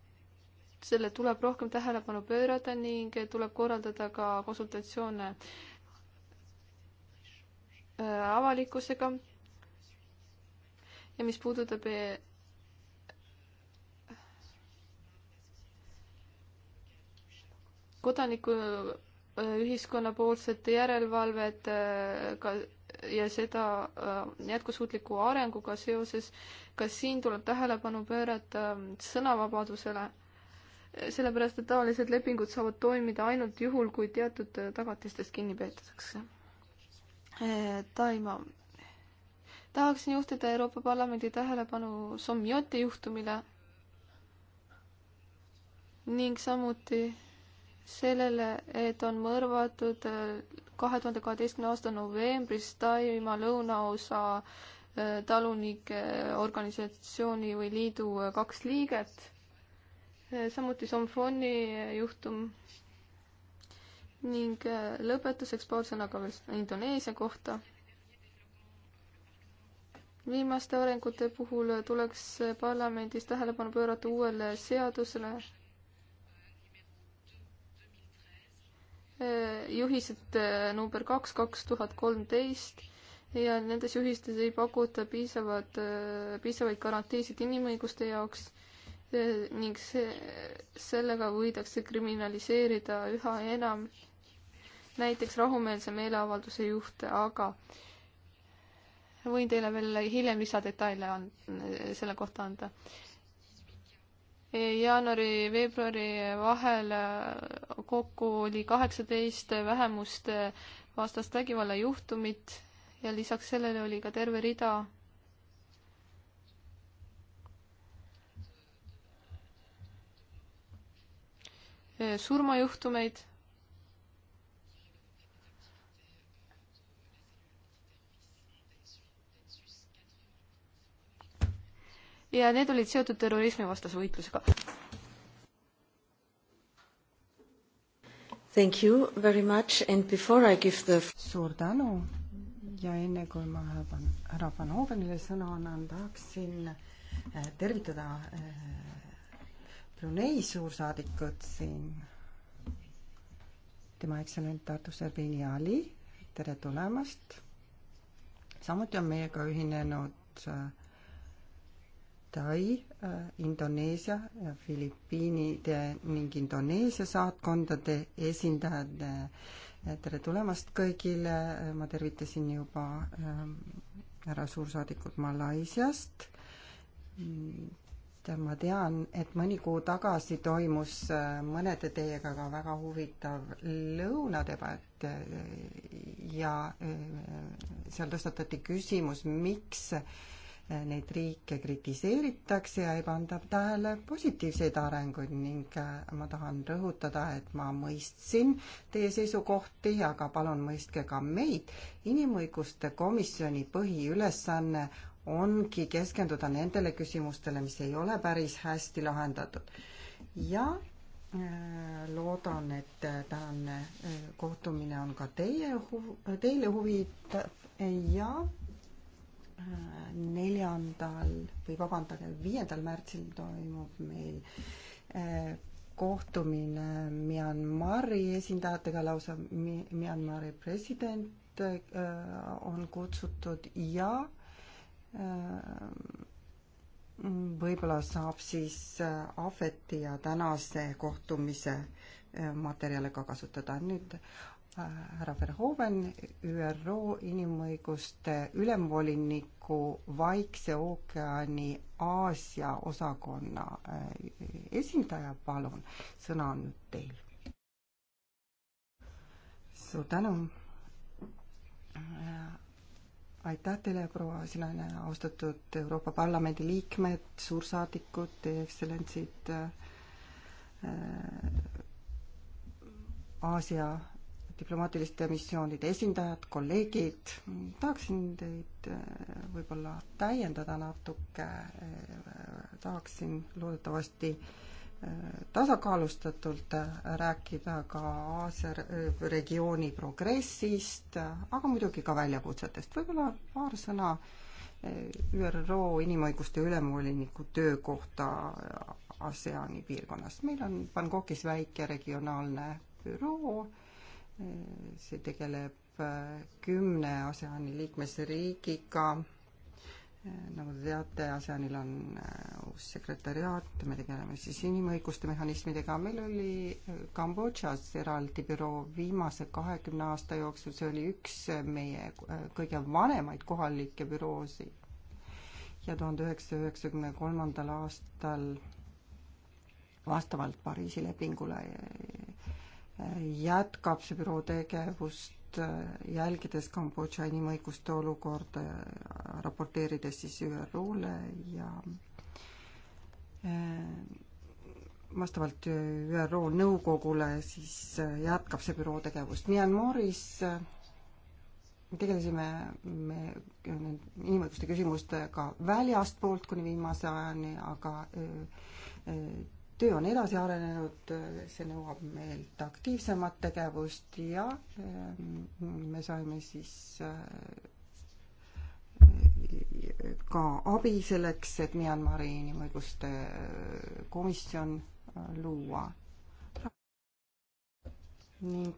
selle tuleb rohkem tähelepanu pöörata ning tuleb korraldada ka konsultatsioone äh, avalikkusega. ja mis puudutab äh, kodanikuühiskonna äh, poolset järelevalvet ka ja seda jätkusuutliku arenguga seoses, kas siin tuleb tähelepanu pöörata sõnavabadusele sellepärast, et taolised lepingud saavad toimida ainult juhul, kui teatud tagatistest kinni peetakse. Taimo, tahaksin juhtida Euroopa Parlamendi tähelepanu Somjoti juhtumile ning samuti sellele, et on mõrvatud äh, kahe tuhande kaheteistkümne aasta novembris Taimaa lõunaosa äh, talunike organisatsiooni või liidu äh, kaks liiget samuti Somfoni juhtum. ning äh, lõpetuseks paar sõna ka veel Indoneesia kohta. viimaste arengute puhul tuleks parlamendis tähelepanu pöörata uuele seadusele, äh, juhised äh, number kaks, kaks tuhat kolmteist ja nendes juhistes ei pakuta piisavat, piisavaid garantiisid inimõiguste jaoks Äh, ning see, sellega võidakse kriminaliseerida üha enam näiteks rahumeelse meeleavalduse juhte, aga võin teile veel hiljem lisadetaile an-, selle kohta anda. jaanuari-veebruari vahel kokku oli kaheksateist vähemuste vastast vägivallajuhtumit ja lisaks sellele oli ka terve rida Äh, surmajuhtumeid. ja need olid seotud terrorismivastase võitlusega. Thank you very much and before I give the suur tänu ja enne kui ma härra Van Hovenile sõna annan, tahaksin äh, tervitada äh, Brunei suursaadikut siin, tema ekstsellent Artur Serbini Ali, tere tulemast! samuti on meiega ühinenud äh, Tai, äh, Indoneesia ja Filipiinide ning Indoneesia saatkondade esindajad. tere tulemast kõigile, ma tervitasin juba härra äh, suursaadikut Malaisiast ma tean, et mõni kuu tagasi toimus äh, mõnede teiega ka väga huvitav lõunadebatt äh, ja äh, seal tõstatati küsimus, miks neid riike kritiseeritakse ja ei panda tähele positiivseid arenguid ning ma tahan rõhutada, et ma mõistsin teie seisukohti, aga palun mõistke ka meid. inimõiguste komisjoni põhiülesanne ongi keskenduda nendele küsimustele, mis ei ole päris hästi lahendatud. ja äh, loodan, et äh, tänane äh, kohtumine on ka teie huv-, teile huvitav ja neljandal või vabandage, viiendal märtsil toimub meil kohtumine Myanmari esindajatega, lausa Myanmari president on kutsutud ja võib-olla saab siis äh, Ahveti ja tänase kohtumise äh, materjale ka kasutada. nüüd äh, härra Verhoeven, ÜRO inimõiguste ülemvoliniku Vaikse ookeani Aasia osakonna esindaja, palun, sõna on nüüd teil. suur tänu aitäh teile, proua Sinaine, austatud Euroopa Parlamendi liikmed, suursaadikud, teie ekstsellentsid äh,, Aasia diplomaatiliste missioonide esindajad, kolleegid, tahaksin teid äh, võib-olla täiendada natuke, äh, tahaksin loodetavasti äh, tasakaalustatult rääkida ka Aasia regiooni progressist, aga muidugi ka väljakutsetest. võib-olla paar sõna eh, ÜRO inimõiguste ülemvoliniku töökohta ASEAN-i piirkonnas. meil on Bangkokis väike regionaalne büroo, eh, see tegeleb eh, kümne ASEAN-i liikmesriigiga nagu te teate, ASEANil on äh, uus sekretäriaat, me tegeleme siis inimõiguste mehhanismidega, meil oli äh, Kambodžas eraldi büroo viimase kahekümne aasta jooksul, see oli üks äh, meie kõige vanemaid kohalikke büroosid. ja tuhande üheksasaja üheksakümne kolmandal aastal vastavalt Pariisi lepingule jätkab see büroo tegevust Äh, jälgides Kambodža inimõiguste olukorda, äh, raporteerides siis ÜRO-le ja äh, vastavalt ÜRO nõukogule siis jätkab see büroo tegevust. Myanmaris tegelesime me inimõiguste küsimustega väljastpoolt kuni viimase ajani, aga töö on edasi arenenud, see nõuab meilt aktiivsemat tegevust ja ähm, me saime siis äh, ka abi selleks, et Myanmari inimõiguste äh, komisjon äh, luua. ning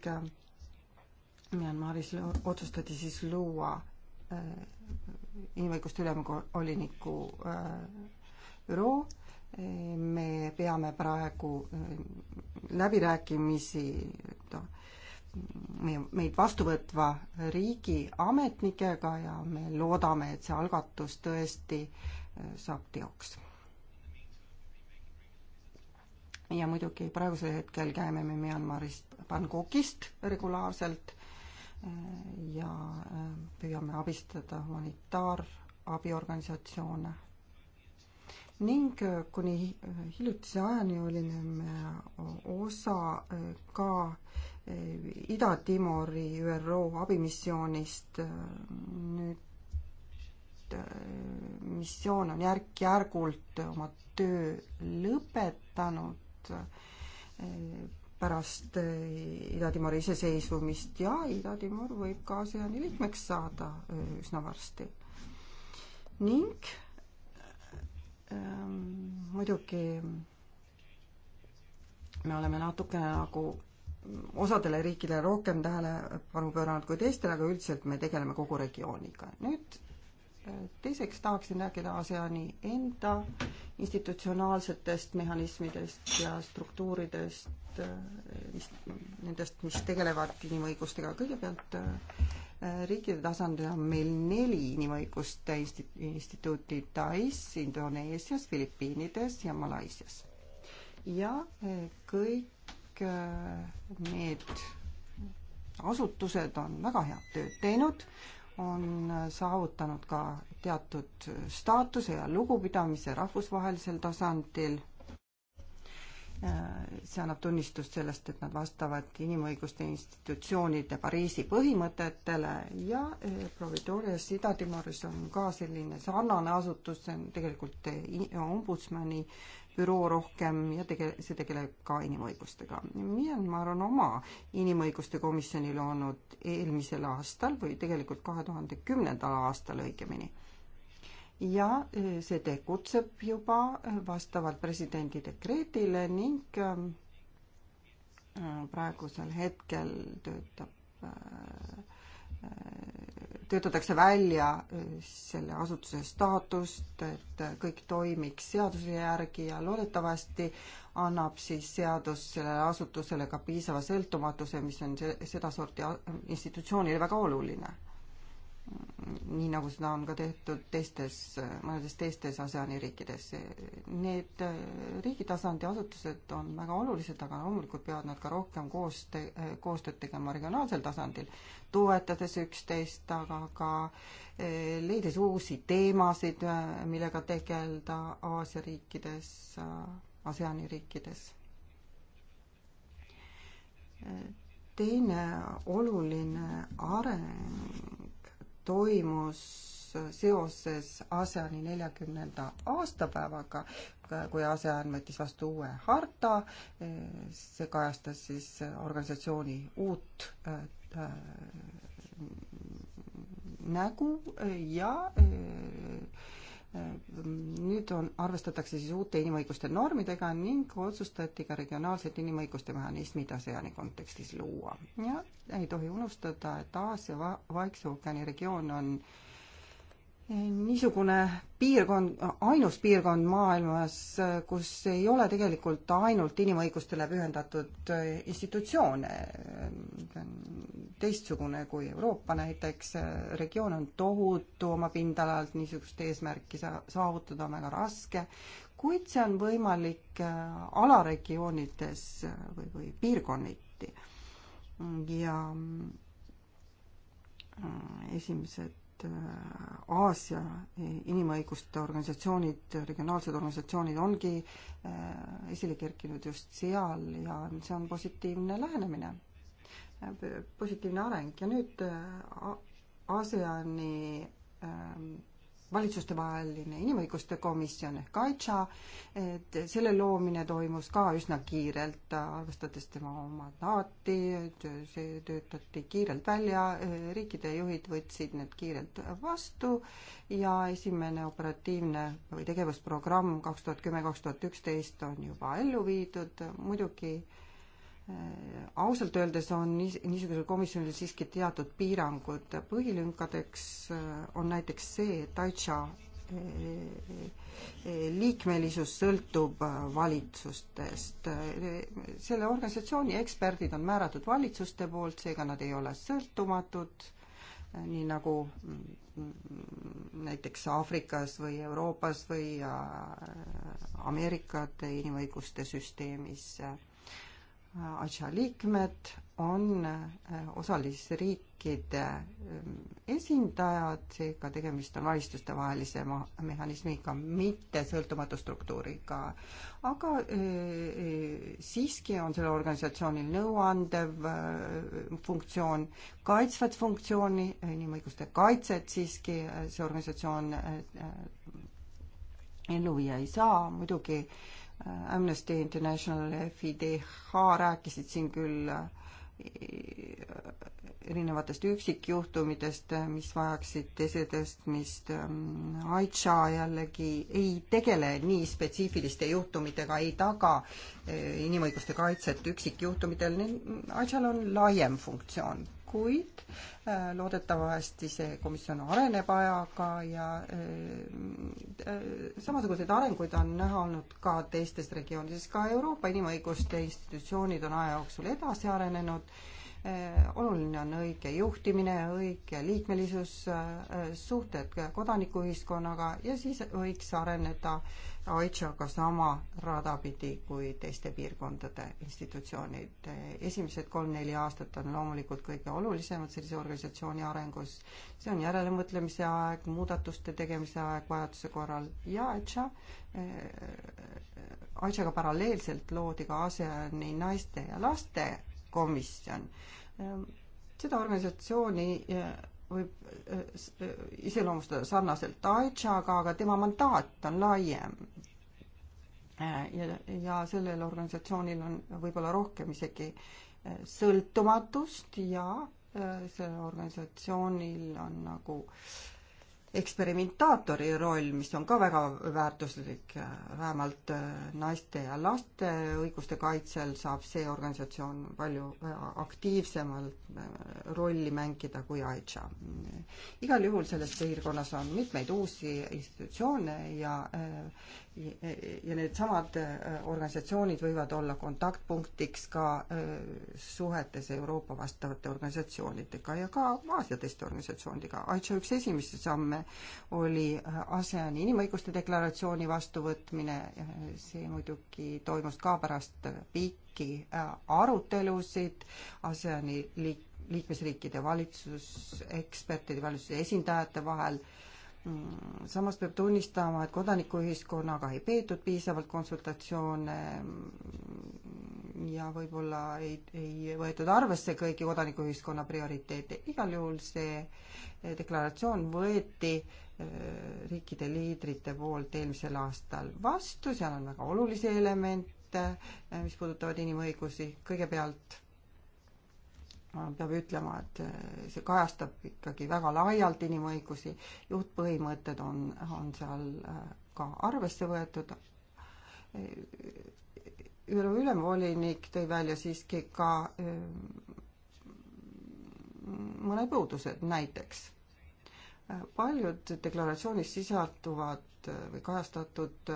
Myanmaris otsustati siis luua inimõiguste ülemvoliniku büroo äh, me peame praegu äh, läbirääkimisi meid vastuvõtva riigi ametnikega ja me loodame, et see algatus tõesti äh, saab teoks. ja muidugi praegusel hetkel käime me Myanmarist Bangkokist regulaarselt äh, ja püüame abistada humanitaarabiorganisatsioone ning äh, kuni hiljutise ajani olime me osa äh, ka äh, Ida-Timori ÜRO abimissioonist. nüüd missioon on järk-järgult oma töö lõpetanud pärast Ida-Timori iseseisvumist ja Ida-Timor võib ka ASEAN-i liikmeks saada üsna varsti. ning Ehm, muidugi me oleme natukene nagu osadele riikidele rohkem tähelepanu pööranud kui teistele, aga üldiselt me tegeleme kogu regiooniga. nüüd eh, teiseks tahaksin rääkida ASEAN-i enda institutsionaalsetest mehhanismidest ja struktuuridest, eh, mis, nendest, mis tegelevad inimõigustega. kõigepealt eh, riikide tasandil on meil neli inimõiguste instituuti Tais, Indoneesias, Filipiinides ja Malaisias. ja eh, kõik eh, need asutused on väga head tööd teinud, on eh, saavutanud ka teatud staatuse ja lugupidamise rahvusvahelisel tasandil Äh, see annab tunnistust sellest, et nad vastavad inimõiguste institutsioonide Pariisi põhimõtetele ja äh, Providorias Ida-Timoris on ka selline sarnane asutus, see on tegelikult äh, ombudsmani büroo rohkem ja tege-, see tegeleb ka inimõigustega. Myanmar on oma inimõiguste komisjoni loonud eelmisel aastal või tegelikult kahe tuhande kümnendal aastal õigemini ja e, see tegutseb juba e, vastavalt presidendi dekreetile ning e, praegusel hetkel töötab, töötatakse välja selle asutuse staatust, et kõik toimiks seaduse järgi ja loodetavasti annab siis seadus sellele asutusele ka piisava sõltumatuse, mis on sedasorti institutsioonile väga oluline nii nagu seda on ka tehtud teistes, mõnedes teistes ASEAN-i riikides. Need äh, riigi tasandi asutused on väga olulised, aga loomulikult peavad nad ka rohkem koostöö, äh, koostööd tegema regionaalsel tasandil, toetades üksteist, aga ka äh, leides uusi teemasid, millega tegeleda Aasia riikides, ASEAN-i riikides. teine oluline areng toimus seoses ASEAN-i neljakümnenda aastapäevaga, kui ASEAN võttis vastu uue harta, see kajastas siis organisatsiooni uut äh, äh, nägu ja äh, nüüd on, arvestatakse siis uute inimõiguste normidega ning otsustati ka regionaalsed inimõiguste mehhanismid ASEAN-i kontekstis luua. ja ei tohi unustada, et Aasia va-, Vaikse ookeani regioon on äh, niisugune piirkond, ainus piirkond maailmas, kus ei ole tegelikult ainult inimõigustele pühendatud institutsioone, teistsugune kui Euroopa näiteks, regioon on tohutu oma pindalalt, niisugust eesmärki sa-, saavutada on väga raske, kuid see on võimalik äh, alaregioonides või, või piirkonniti. ja mm, esimesed et äh, Aasia äh, inimõiguste organisatsioonid, regionaalsed organisatsioonid ongi äh, esile kerkinud just seal ja see on positiivne lähenemine, positiivne areng ja nüüd ASEAN-i ähm, valitsustevaheline inimõiguste komisjon ehk AICHA, et selle loomine toimus ka üsna kiirelt, arvestades tema mandaati, see töötati kiirelt välja, riikide juhid võtsid need kiirelt vastu ja esimene operatiivne või tegevusprogramm kaks tuhat kümme, kaks tuhat üksteist on juba ellu viidud, muidugi äh, ausalt öeldes on niis-, niisugusel komisjonil siiski teatud piirangud, põhilünkadeks äh, on näiteks see, et Aitša äh, äh, liikmelisus sõltub valitsustest. selle organisatsiooni eksperdid on määratud valitsuste poolt, seega nad ei ole sõltumatud, nii nagu mm, näiteks Aafrikas või Euroopas või Ameerikate inimõiguste süsteemis asja liikmed on äh, osalisriikide ähm, esindajad, seega tegemist on valitsustevahelise mehhanismiga, mitte sõltumatu struktuuriga. aga äh, äh, siiski on sellel organisatsioonil nõuandev funktsioon, kaitsvat funktsiooni, inimõiguste kaitset siiski see organisatsioon ellu viia ei saa, muidugi äh, Äh, Amnesty International ja FIDH rääkisid siin küll äh, erinevatest üksikjuhtumitest, äh, mis vajaksid esetõstmist. Ähm, Aitša jällegi ei tegele nii spetsiifiliste juhtumitega, ei taga inimõiguste kaitset üksikjuhtumitel. Aitšal on laiem funktsioon kuid äh, loodetavasti see komisjon areneb ajaga ja äh, äh, samasuguseid arenguid on näha olnud ka teistes regioonides, ka Euroopa Inimõiguste institutsioonid on aja jooksul edasi arenenud Äh, oluline on õige juhtimine, õige liikmelisus, äh, suhted kodanikuühiskonnaga ja siis võiks areneda Aitšaga sama rada pidi kui teiste piirkondade institutsioonid. esimesed kolm-neli aastat on loomulikult kõige olulisemad sellise organisatsiooni arengus. see on järelemõtlemise aeg, muudatuste tegemise aeg vajaduse korral ja Aitša Aitšaga äh, paralleelselt loodi ka ASEAN-i naiste ja laste komisjon. Ehm, seda organisatsiooni eh, võib eh, iseloomustada sarnaselt Aidžaga, aga tema mandaat on laiem. Eh, ja, ja sellel organisatsioonil on võib-olla rohkem isegi sõltumatust ja sellel organisatsioonil on nagu äh, eksperimentaatori roll, mis on ka väga väärtuslik, äh, vähemalt äh, naiste ja laste õiguste kaitsel saab see organisatsioon palju äh, aktiivsemalt rolli mängida kui AIDSA. igal juhul selles piirkonnas on mitmeid uusi institutsioone ja ja needsamad äh, organisatsioonid võivad olla kontaktpunktiks ka äh, suhetes Euroopa vastavate organisatsioonidega ja ka Aasia teiste organisatsioonidega. Aitša üks esimesi samme oli äh, ASEAN-i inimõiguste deklaratsiooni vastuvõtmine, see muidugi toimus ka pärast pikki arutelusid ASEAN-i liik-, liikmesriikide valitsus, ekspertide, valitsuse esindajate vahel äh, Mm, samas peab tunnistama, et kodanikuühiskonnaga ei peetud piisavalt konsultatsioone mm, ja võib-olla ei, ei võetud arvesse kõiki kodanikuühiskonna prioriteete. igal juhul see eh, deklaratsioon võeti eh, riikide liidrite poolt eelmisel aastal vastu, seal on väga olulisi elemente, eh, mis puudutavad inimõigusi, kõigepealt peab ütlema, et eh, see kajastab ikkagi väga laialt inimõigusi, juhtpõhimõtted on, on seal eh, ka arvesse võetud. Eh, ÜRO ülemvolinik tõi välja siiski ka mõned puudused, näiteks paljud deklaratsioonis sisalduvad või kajastatud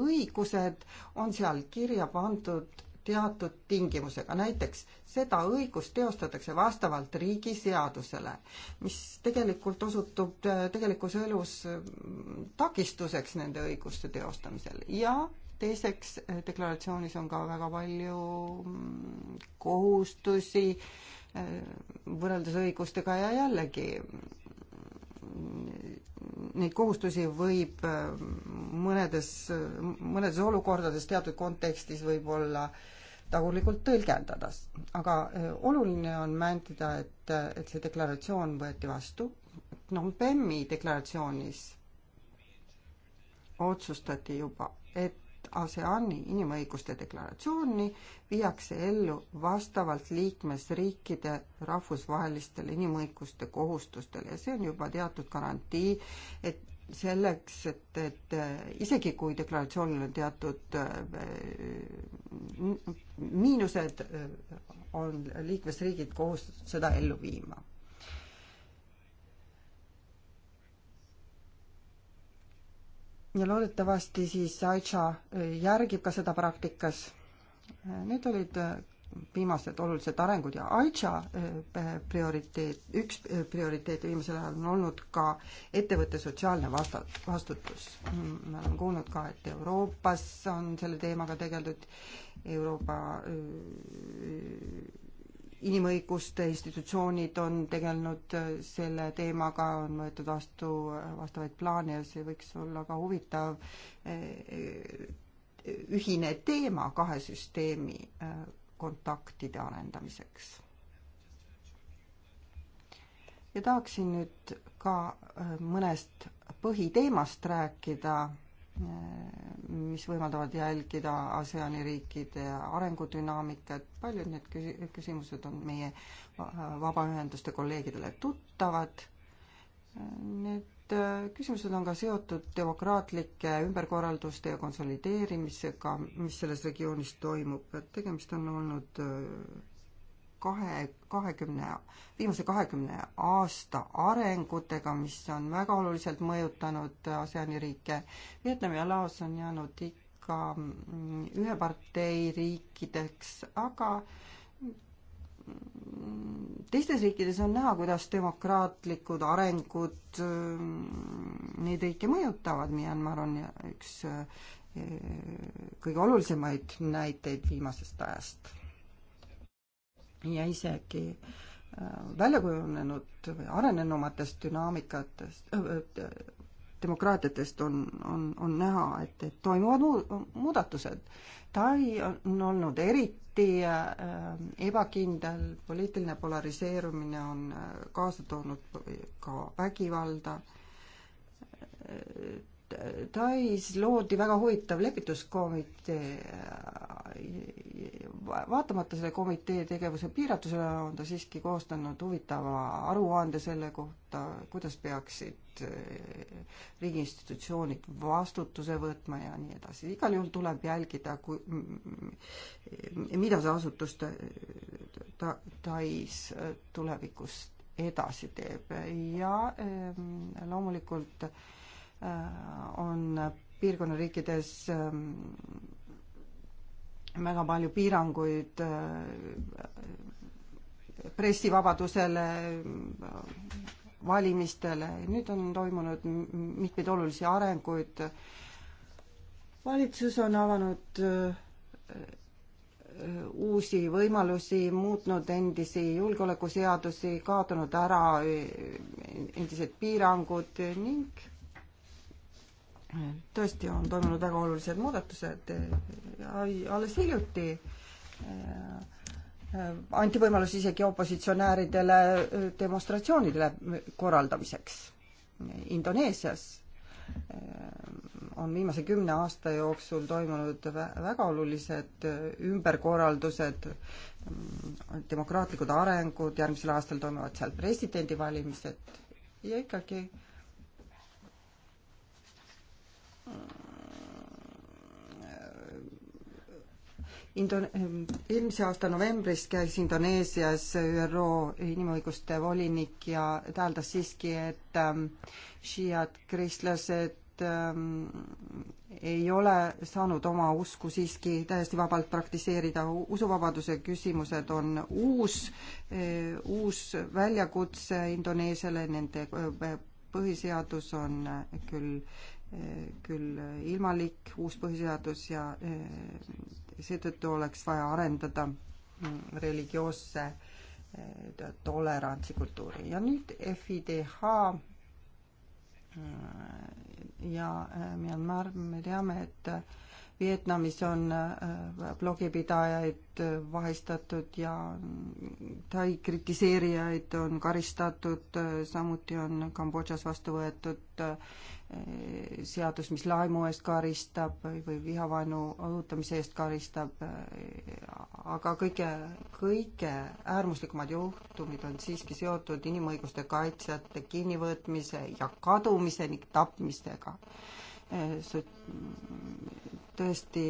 õigused on seal kirja pandud teatud tingimusega, näiteks seda õigust teostatakse vastavalt riigi seadusele, mis tegelikult osutub äh, tegelikus elus mm, takistuseks nende õiguste teostamisel ja teiseks, äh, deklaratsioonis on ka väga palju mm, kohustusi äh, võrreldes õigustega ja jällegi mm, neid kohustusi võib äh, mõnedes, mõnedes olukordades teatud kontekstis võib-olla tagurlikult tõlgendada. aga äh, oluline on mändida, et, et see deklaratsioon võeti vastu, noh, BEM-i deklaratsioonis otsustati juba, et et ASEAN-i inimõiguste deklaratsiooni viiakse ellu vastavalt liikmesriikide rahvusvahelistele inimõiguste kohustustele ja see on juba teatud garantii, et selleks, et, et isegi kui deklaratsioonil on teatud äh, miinused, äh, on liikmesriigid kohustatud seda ellu viima ja loodetavasti siis Aitša eh, järgib ka seda praktikas. Eh, need olid eh, viimased olulised arengud ja Aitša prioriteet, üks prioriteet viimasel ajal on olnud ka ettevõtte sotsiaalne vasta-, vastutus. Mm, me oleme kuulnud ka, et Euroopas on selle teemaga tegeldud, Euroopa inimõiguste institutsioonid on tegelenud äh, selle teemaga, on võetud vastu äh, vastavaid plaane ja see võiks olla ka huvitav äh, ühine teema kahe süsteemi kontaktide arendamiseks. ja tahaksin nüüd ka mõnest põhiteemast rääkida mis võimaldavad jälgida ASEAN-i riikide arengudünaamikat, paljud need küsimused on meie vabaühenduste kolleegidele tuttavad. Need äh, küsimused on ka seotud demokraatlike ümberkorralduste ja konsolideerimisega, mis selles regioonis toimub, et tegemist on olnud äh, kahe, kahekümne, viimase kahekümne aasta arengutega, mis on väga oluliselt mõjutanud ASEAN-i riike. Vietnam ja Laos on jäänud ikka ühe partei riikideks, aga teistes riikides on näha, kuidas demokraatlikud arengud mm, neid riike mõjutavad, Myanmar on üks eh, kõige olulisemaid näiteid viimasest ajast ja isegi äh, väljakujunenud või arenenumatest dünaamikatest, äh, äh, demokraatiatest on, on, on näha, et, et toimuvad muudatused. Tai on olnud eriti ebakindel, poliitiline polariseerumine on kaasa toonud ka vägivalda Tais loodi väga huvitav lepituskomitee. vaatamata selle komitee tegevuse piiratusele on ta siiski koostanud huvitava aruande selle kohta, kuidas peaksid eh, riigi institutsioonid vastutuse võtma ja nii edasi. igal juhul tuleb jälgida, kui, mida see asutus ta, ta, Tais tulevikus edasi teeb ja ehm, loomulikult äh, Äh, on piirkonna riikides ähm, väga palju piiranguid äh, pressivabadusele, valimistele, nüüd on toimunud mitmeid olulisi arenguid. valitsus on avanud äh, uusi võimalusi, muutnud endisi julgeolekuseadusi, kaotanud ära endised piirangud ning tõesti on toimunud väga olulised muudatused ja alles hiljuti äh, äh, anti võimalus isegi opositsionääridele äh, demonstratsioonidele korraldamiseks Indoneesias on viimase kümne aasta jooksul toimunud väga olulised ümberkorraldused, mm, demokraatlikud arengud, järgmisel aastal toimuvad seal presidendivalimised ja ikkagi äh, Indone-, eh, eelmise aasta novembris käis Indoneesias ÜRO inimõiguste volinik ja täheldas siiski, et ähm, šiiad, kristlased ähm, ei ole saanud oma usku siiski täiesti vabalt praktiseerida, usuvabaduse küsimused on uus äh,, uus väljakutse Indoneesiale, nende äh, põhiseadus on küll küll ilmalik uus põhiseadus ja eh, seetõttu oleks vaja arendada mm, religioosse eh, tolerantsi kultuuri ja nüüd FIDH mm, ja eh, Myanmar, me teame, et Vietnamis on äh, blogipidajaid äh, vahistatud ja Tai kritiseerijaid on karistatud, äh, samuti on Kambodžas vastu võetud seadus, mis laimu eest karistab või vihavaenu õhutamise eest karistab, aga kõige, kõige äärmuslikumad juhtumid on siiski seotud inimõiguste kaitsjate kinnivõtmise ja kadumise ning tapmistega tõesti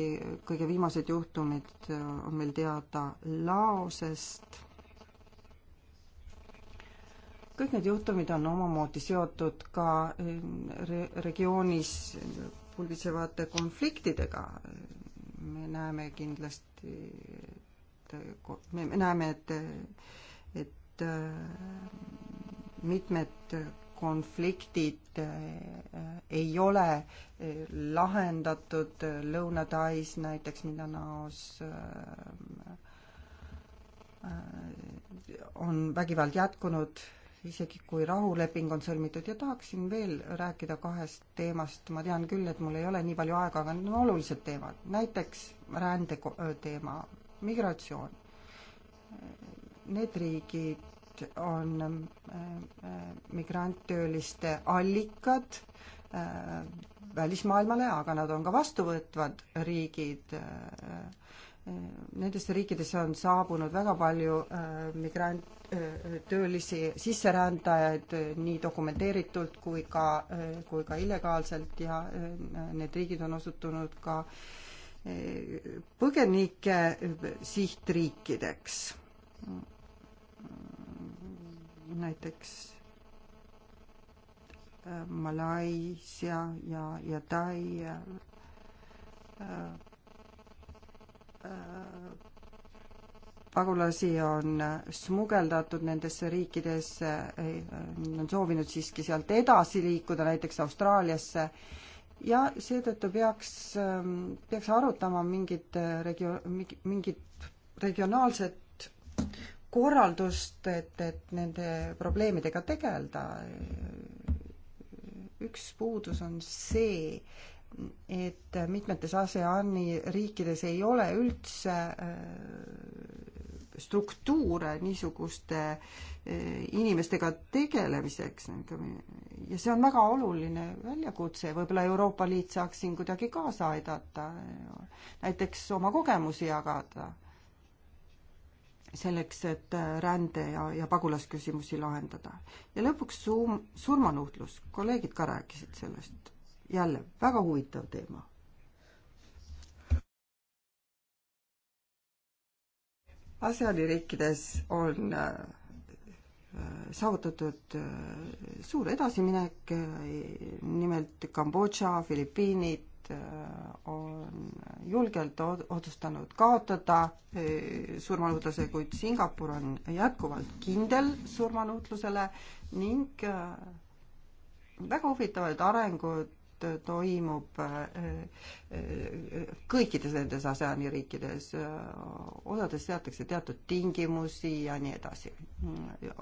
kõige viimased juhtumid äh, on meil teada Laosest. kõik need juhtumid on omamoodi seotud ka äh, re regioonis pulbitsevate konfliktidega. me näeme kindlasti, et äh, me näeme, et, et mitmed konfliktid äh, äh, ei ole äh, lahendatud, Lõuna-Tais näiteks Mindanaos on vägivald jätkunud, isegi kui rahuleping on sõlmitud ja tahaksin veel rääkida kahest teemast, ma tean küll, et mul ei ole nii palju aega, aga need on olulised teemad, näiteks rände teema, migratsioon. Need riigid, on ähm, äh, migranttööliste allikad äh, välismaailmale, aga nad on ka vastuvõtvad riigid. Äh, nendesse riikidesse on saabunud väga palju migranttöölisi sisserändajaid nii dokumenteeritult kui ka, kui ka illegaalselt ja need riigid on osutunud ka põgenike sihtriikideks näiteks äh, Malaisia ja, ja Tai äh, äh, pagulasi on smugeldatud nendesse riikidesse, on soovinud siiski sealt edasi liikuda, näiteks Austraaliasse, ja seetõttu peaks, peaks arutama mingit regio-, mingit regionaalset korraldust, et, et nende probleemidega tegeleda. üks puudus on see, et mitmetes ASEAN-i riikides ei ole üldse äh, struktuure niisuguste äh, inimestega tegelemiseks. ja see on väga oluline väljakutse, võib-olla Euroopa Liit saaks siin kuidagi kaasa aidata, näiteks oma kogemusi jagada selleks, et äh, rände ja, ja pagulasküsimusi lahendada. ja lõpuks suum-, surmanuhtlus, kolleegid ka rääkisid sellest. jälle väga huvitav teema. ASEAN-i riikides on äh, äh, saavutatud suur edasiminek, nimelt Kambodža, Filipiinid, Äh, on julgelt otsustanud kaotada äh, surmanuhtluse, kuid Singapur on jätkuvalt kindel surmanuhtlusele ning äh, väga huvitavaid arenguid toimub kõikides nendes ASEAN-i riikides, osades seatakse teatud tingimusi ja nii edasi.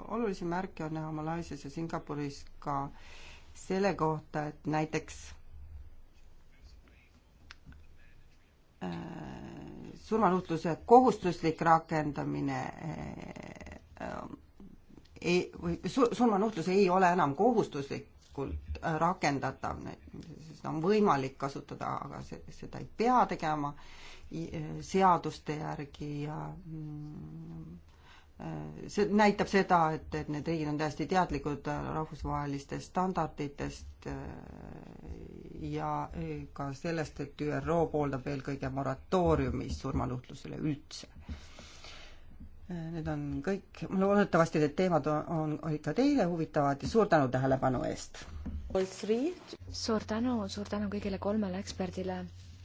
olulisi märke on näha Malaisias ja Singapuris ka selle kohta, et näiteks Äh, surmanuhtluse kohustuslik rakendamine äh, ei, või surmanuhtlus ei ole enam kohustuslikult äh, rakendatav, seda on võimalik kasutada, aga seda ei pea tegema seaduste järgi ja mm, see näitab seda, et, et need riigid on täiesti teadlikud rahvusvahelistest standarditest ja eh, ka sellest, et ÜRO pooldab eelkõige moratooriumi surmanuhtlusele üldse. Eh, need on kõik, loodetavasti need teemad on, on ikka teile huvitavad ja suur tänu tähelepanu eest! suur tänu, suur tänu kõigile kolmele eksperdile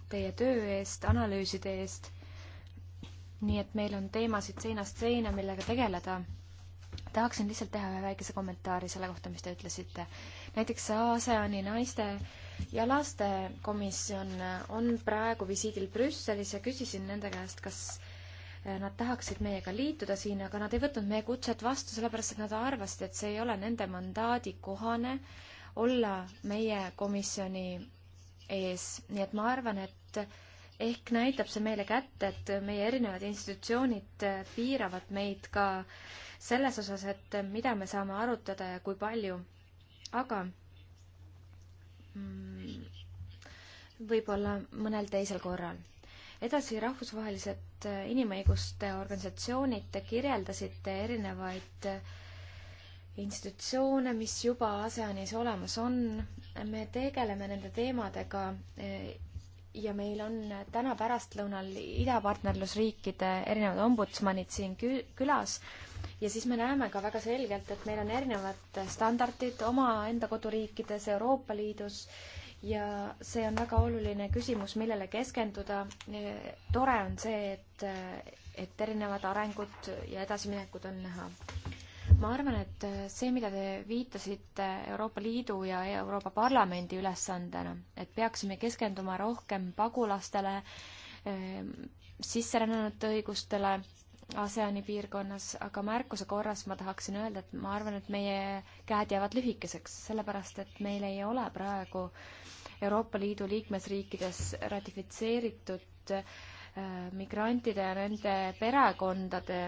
teie töö eest, analüüside eest, nii et meil on teemasid seinast seina, millega tegeleda tahaksin lihtsalt teha ühe väikese kommentaari selle kohta, mis te ütlesite. näiteks ASEAN-i naiste ja lastekomisjon on praegu visiidil Brüsselis ja küsisin nende käest, kas eh, nad tahaksid meiega liituda siin, aga nad ei võtnud meie kutset vastu, sellepärast et nad arvasid, et see ei ole nende mandaadi kohane olla meie komisjoni ees, nii et ma arvan, et ehk näitab see meile kätte, et meie erinevad institutsioonid eh, piiravad meid ka selles osas, et mida me saame arutada ja kui palju. aga Mm, võib-olla mõnel teisel korral. edasi, rahvusvahelised äh, inimõiguste organisatsioonid, te kirjeldasite erinevaid äh, institutsioone, mis juba ASEANis olemas on. me tegeleme nende teemadega äh, ja meil on täna pärastlõunal idapartnerlusriikide erinevad ombudsmanid siin kü-, külas ja siis me näeme ka väga selgelt, et meil on erinevad standardid omaenda koduriikides, Euroopa Liidus ja see on väga oluline küsimus, millele keskenduda. tore on see, et, et erinevad arengud ja edasiminekud on näha ma arvan, et see, mida te viitasite Euroopa Liidu ja Euroopa Parlamendi ülesandena, et peaksime keskenduma rohkem pagulastele, ehm, sisserännanute õigustele ASEAN-i piirkonnas, aga märkuse korras ma tahaksin öelda, et ma arvan, et meie käed jäävad lühikeseks, sellepärast et meil ei ole praegu Euroopa Liidu liikmesriikides ratifitseeritud ehm, migrantide ja nende perekondade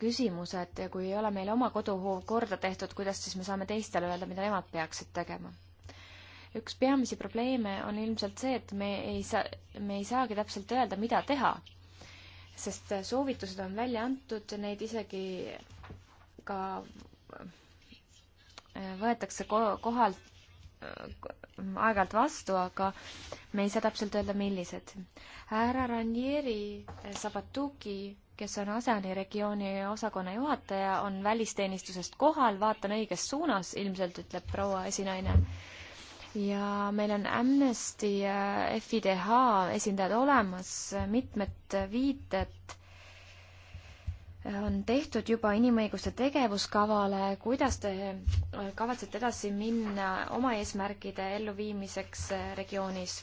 küsimus, et kui ei ole meil oma koduhoov korda tehtud, kuidas siis me saame teistele öelda, mida nemad peaksid tegema? üks peamisi probleeme on ilmselt see, et me ei saa, me ei saagi täpselt öelda, mida teha. sest soovitused on välja antud, neid isegi ka äh, võetakse ko-, kohalt, äh, aeg-ajalt vastu, aga me ei saa täpselt öelda, millised. härra Ranieri Sabatuki kes on ASEAN-i regiooni osakonna juhataja, on välisteenistusest kohal, vaatan õiges suunas, ilmselt ütleb proua esinaine. ja meil on Amnesty ja äh, FIDH esindajad olemas, mitmed viited on tehtud juba inimõiguste tegevuskavale, kuidas te äh, kavatsete edasi minna oma eesmärkide elluviimiseks äh, regioonis?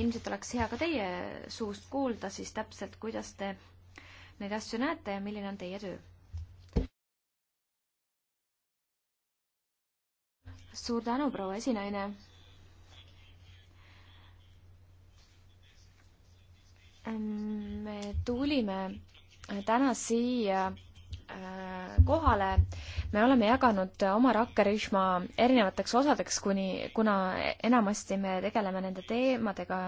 ilmselt oleks hea ka teie suust kuulda siis täpselt, kuidas te neid asju näete ja milline on teie töö. suur tänu, proua esinaine. me tulime täna siia äh, kohale me oleme jaganud oma rakkerühma erinevateks osadeks, kuni, kuna enamasti me tegeleme nende teemadega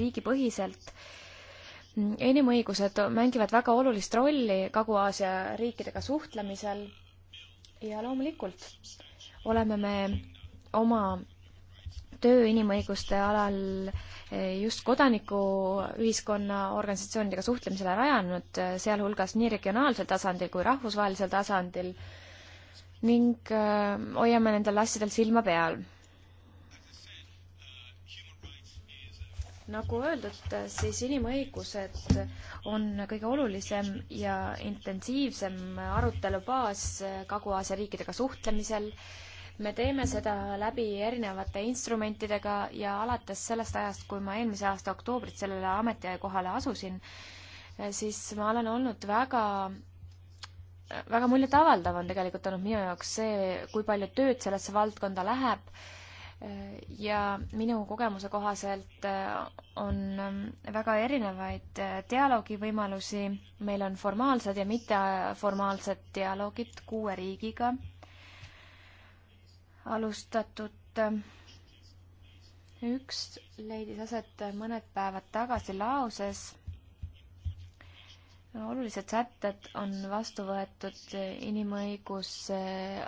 riigipõhiselt. inimõigused mängivad väga olulist rolli Kagu-Aasia riikidega suhtlemisel ja loomulikult oleme me oma töö inimõiguste alal just kodanikuühiskonna organisatsioonidega suhtlemisele rajanud, sealhulgas nii regionaalsel tasandil kui rahvusvahelisel tasandil ning äh, hoiame nendel asjadel silma peal. nagu öeldud, siis inimõigused on kõige olulisem ja intensiivsem arutelu baas Kagu-Aasia riikidega suhtlemisel me teeme seda läbi erinevate instrumentidega ja alates sellest ajast, kui ma eelmise aasta oktoobrit sellele ametiaja kohale asusin, siis ma olen olnud väga väga muljetavaldav on tegelikult olnud minu jaoks see, kui palju tööd sellesse valdkonda läheb ja minu kogemuse kohaselt äh, on ähm, väga erinevaid äh, dialoogivõimalusi, meil on formaalsed ja mitteformaalsed dialoogid kuue riigiga alustatud. üks leidis aset mõned päevad tagasi Laoses olulised sätted on vastu võetud inimõiguse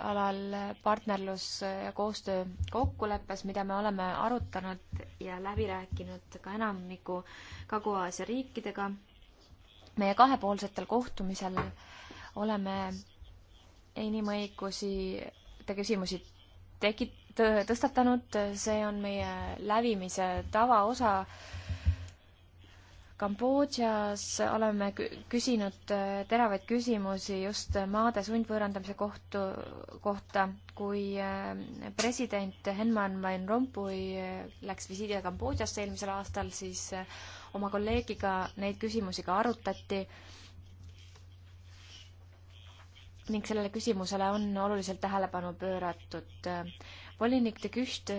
alal partnerlus ja koostöö kokkuleppes, mida me oleme arutanud ja läbi rääkinud ka enamiku Kagu-Aasia riikidega. meie kahepoolsetel kohtumisel oleme inimõigusi te küsimusi tekit-, tõstatanud, see on meie lävimise tavaosa Kambodžas oleme küsinud äh, teravaid küsimusi just maade sundvõõrandamise kohtu, kohta, kui äh, president Henman Van Rompuy äh, läks visiidile Kambodžasse eelmisel aastal, siis oma kolleegiga neid küsimusi ka arutati ning sellele küsimusele on oluliselt tähelepanu pööratud volinik de Gücht,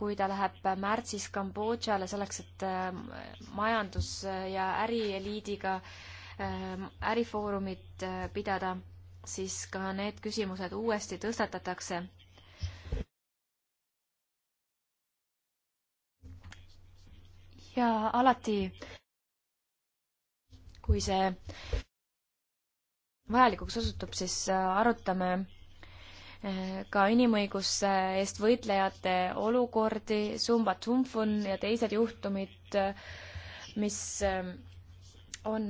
kui ta läheb märtsis Kambodžale selleks, et äh, majandus- ja ärieliidiga ähm, ärifoorumit äh, pidada, siis ka need küsimused uuesti tõstatatakse. ja alati, kui see vajalikuks osutub, siis äh, arutame ka inimõiguste eest võitlejate olukordi, Sumba Tsumfun ja teised juhtumid, mis eh, on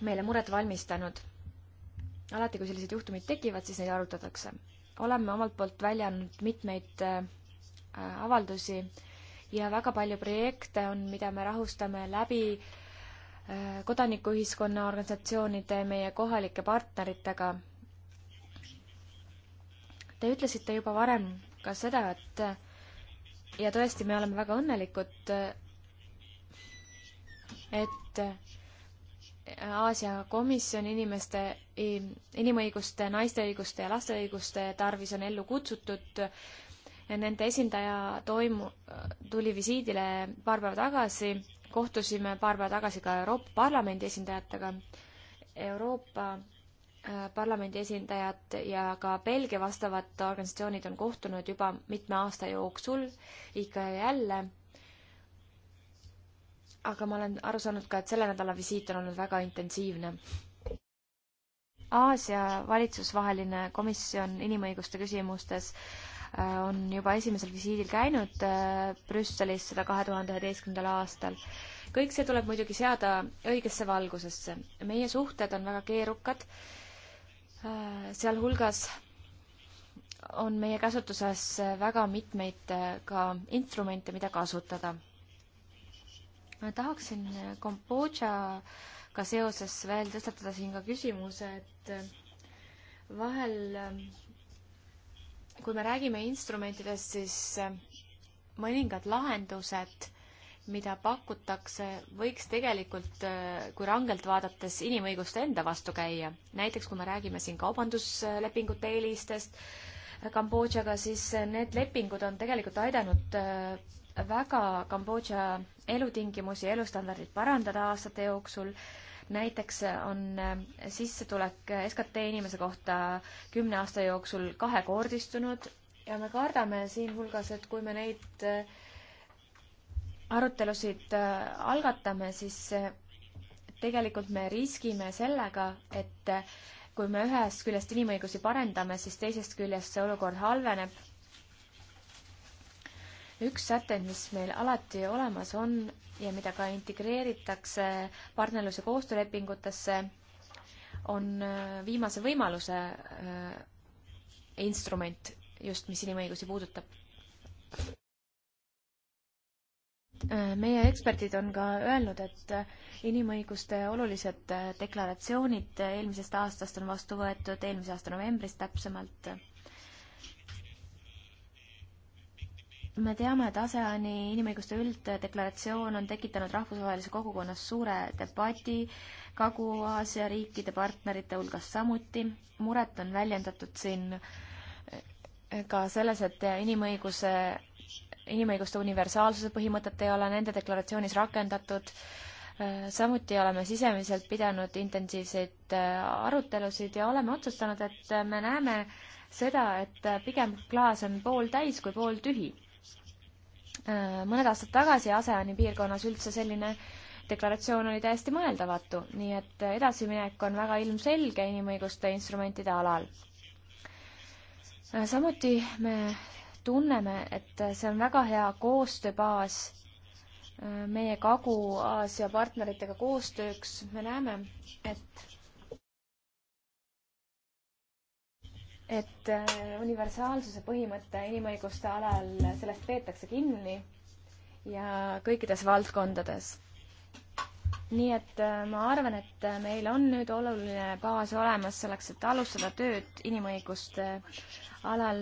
meile muret valmistanud. alati, kui sellised juhtumid tekivad, siis neid arutatakse. oleme omalt poolt välja andnud mitmeid eh, avaldusi ja väga palju projekte on, mida me rahustame läbi eh, kodanikuühiskonna organisatsioonide, meie kohalike partneritega Te ütlesite juba varem ka seda, et ja tõesti, me oleme väga õnnelikud, et Aasia komisjon inimeste, inimõiguste, naiste õiguste ja laste õiguste tarvis on ellu kutsutud. Nende esindaja toimu, tuli visiidile paar päeva tagasi, kohtusime paar päeva tagasi ka Euroopa Parlamendi esindajatega. Euroopa Äh, parlamendi esindajad ja ka Belgia vastavad organisatsioonid on kohtunud juba mitme aasta jooksul ikka ja jälle. aga ma olen aru saanud ka, et selle nädala visiit on olnud väga intensiivne. Aasia valitsusvaheline komisjon inimõiguste küsimustes äh, on juba esimesel visiidil käinud äh, Brüsselis, seda kahe tuhande üheteistkümnendal aastal kõik see tuleb muidugi seada õigesse valgusesse. meie suhted on väga keerukad äh, Äh, sealhulgas on meie käsutuses väga mitmeid äh, ka instrumente, mida kasutada. tahaksin Kambodžaga seoses veel tõstatada siin ka küsimuse, et äh, vahel, kui me räägime instrumentidest, siis mõningad lahendused mida pakutakse, võiks tegelikult, äh, kui rangelt vaadates, inimõiguste enda vastu käia. näiteks kui me räägime siin kaubanduslepingute eelistest Kambodžaga, siis need lepingud on tegelikult aidanud äh, väga Kambodža elutingimusi, elustandardit parandada aastate jooksul näiteks on äh, sissetulek SKT inimese kohta kümne aasta jooksul kahekordistunud ja me kardame siinhulgas, et kui me neid arutelusid äh, algatame, siis äh, tegelikult me riskime sellega, et äh, kui me ühest küljest inimõigusi parendame, siis teisest küljest see olukord halveneb. üks sätend, mis meil alati olemas on ja mida ka integreeritakse partnerluse koostöölepingutesse, on viimase võimaluse instrument just, mis inimõigusi puudutab. Äh, meie eksperdid on ka öelnud, et äh, inimõiguste olulised äh, deklaratsioonid eelmisest aastast on vastu võetud, eelmise aasta novembris täpsemalt. me teame, et ASEAN-i inimõiguste ülddeklaratsioon on tekitanud rahvusvahelises kogukonnas suure debati, Kagu-Aasia riikide partnerite hulgas samuti. muret on väljendatud siin ka selles, et inimõiguse inimõiguste universaalsuse põhimõtet ei ole nende deklaratsioonis rakendatud. samuti oleme sisemiselt pidanud intensiivseid äh, arutelusid ja oleme otsustanud, et äh, me näeme seda, et äh, pigem klaas on pooltäis kui pooltühi. mõned aastad tagasi ASEAN-i piirkonnas üldse selline deklaratsioon oli täiesti mõeldamatu, nii et edasiminek on väga ilmselge inimõiguste instrumentide alal. samuti me tunneme, et see on väga hea koostööbaas äh, meie Kagu-Aasia partneritega koostööks, me näeme, et et äh, universaalsuse põhimõte inimõiguste alal, sellest peetakse kinni ja kõikides valdkondades nii et äh, ma arvan, et äh, meil on nüüd oluline baas olemas selleks, et alustada tööd inimõiguste äh, alal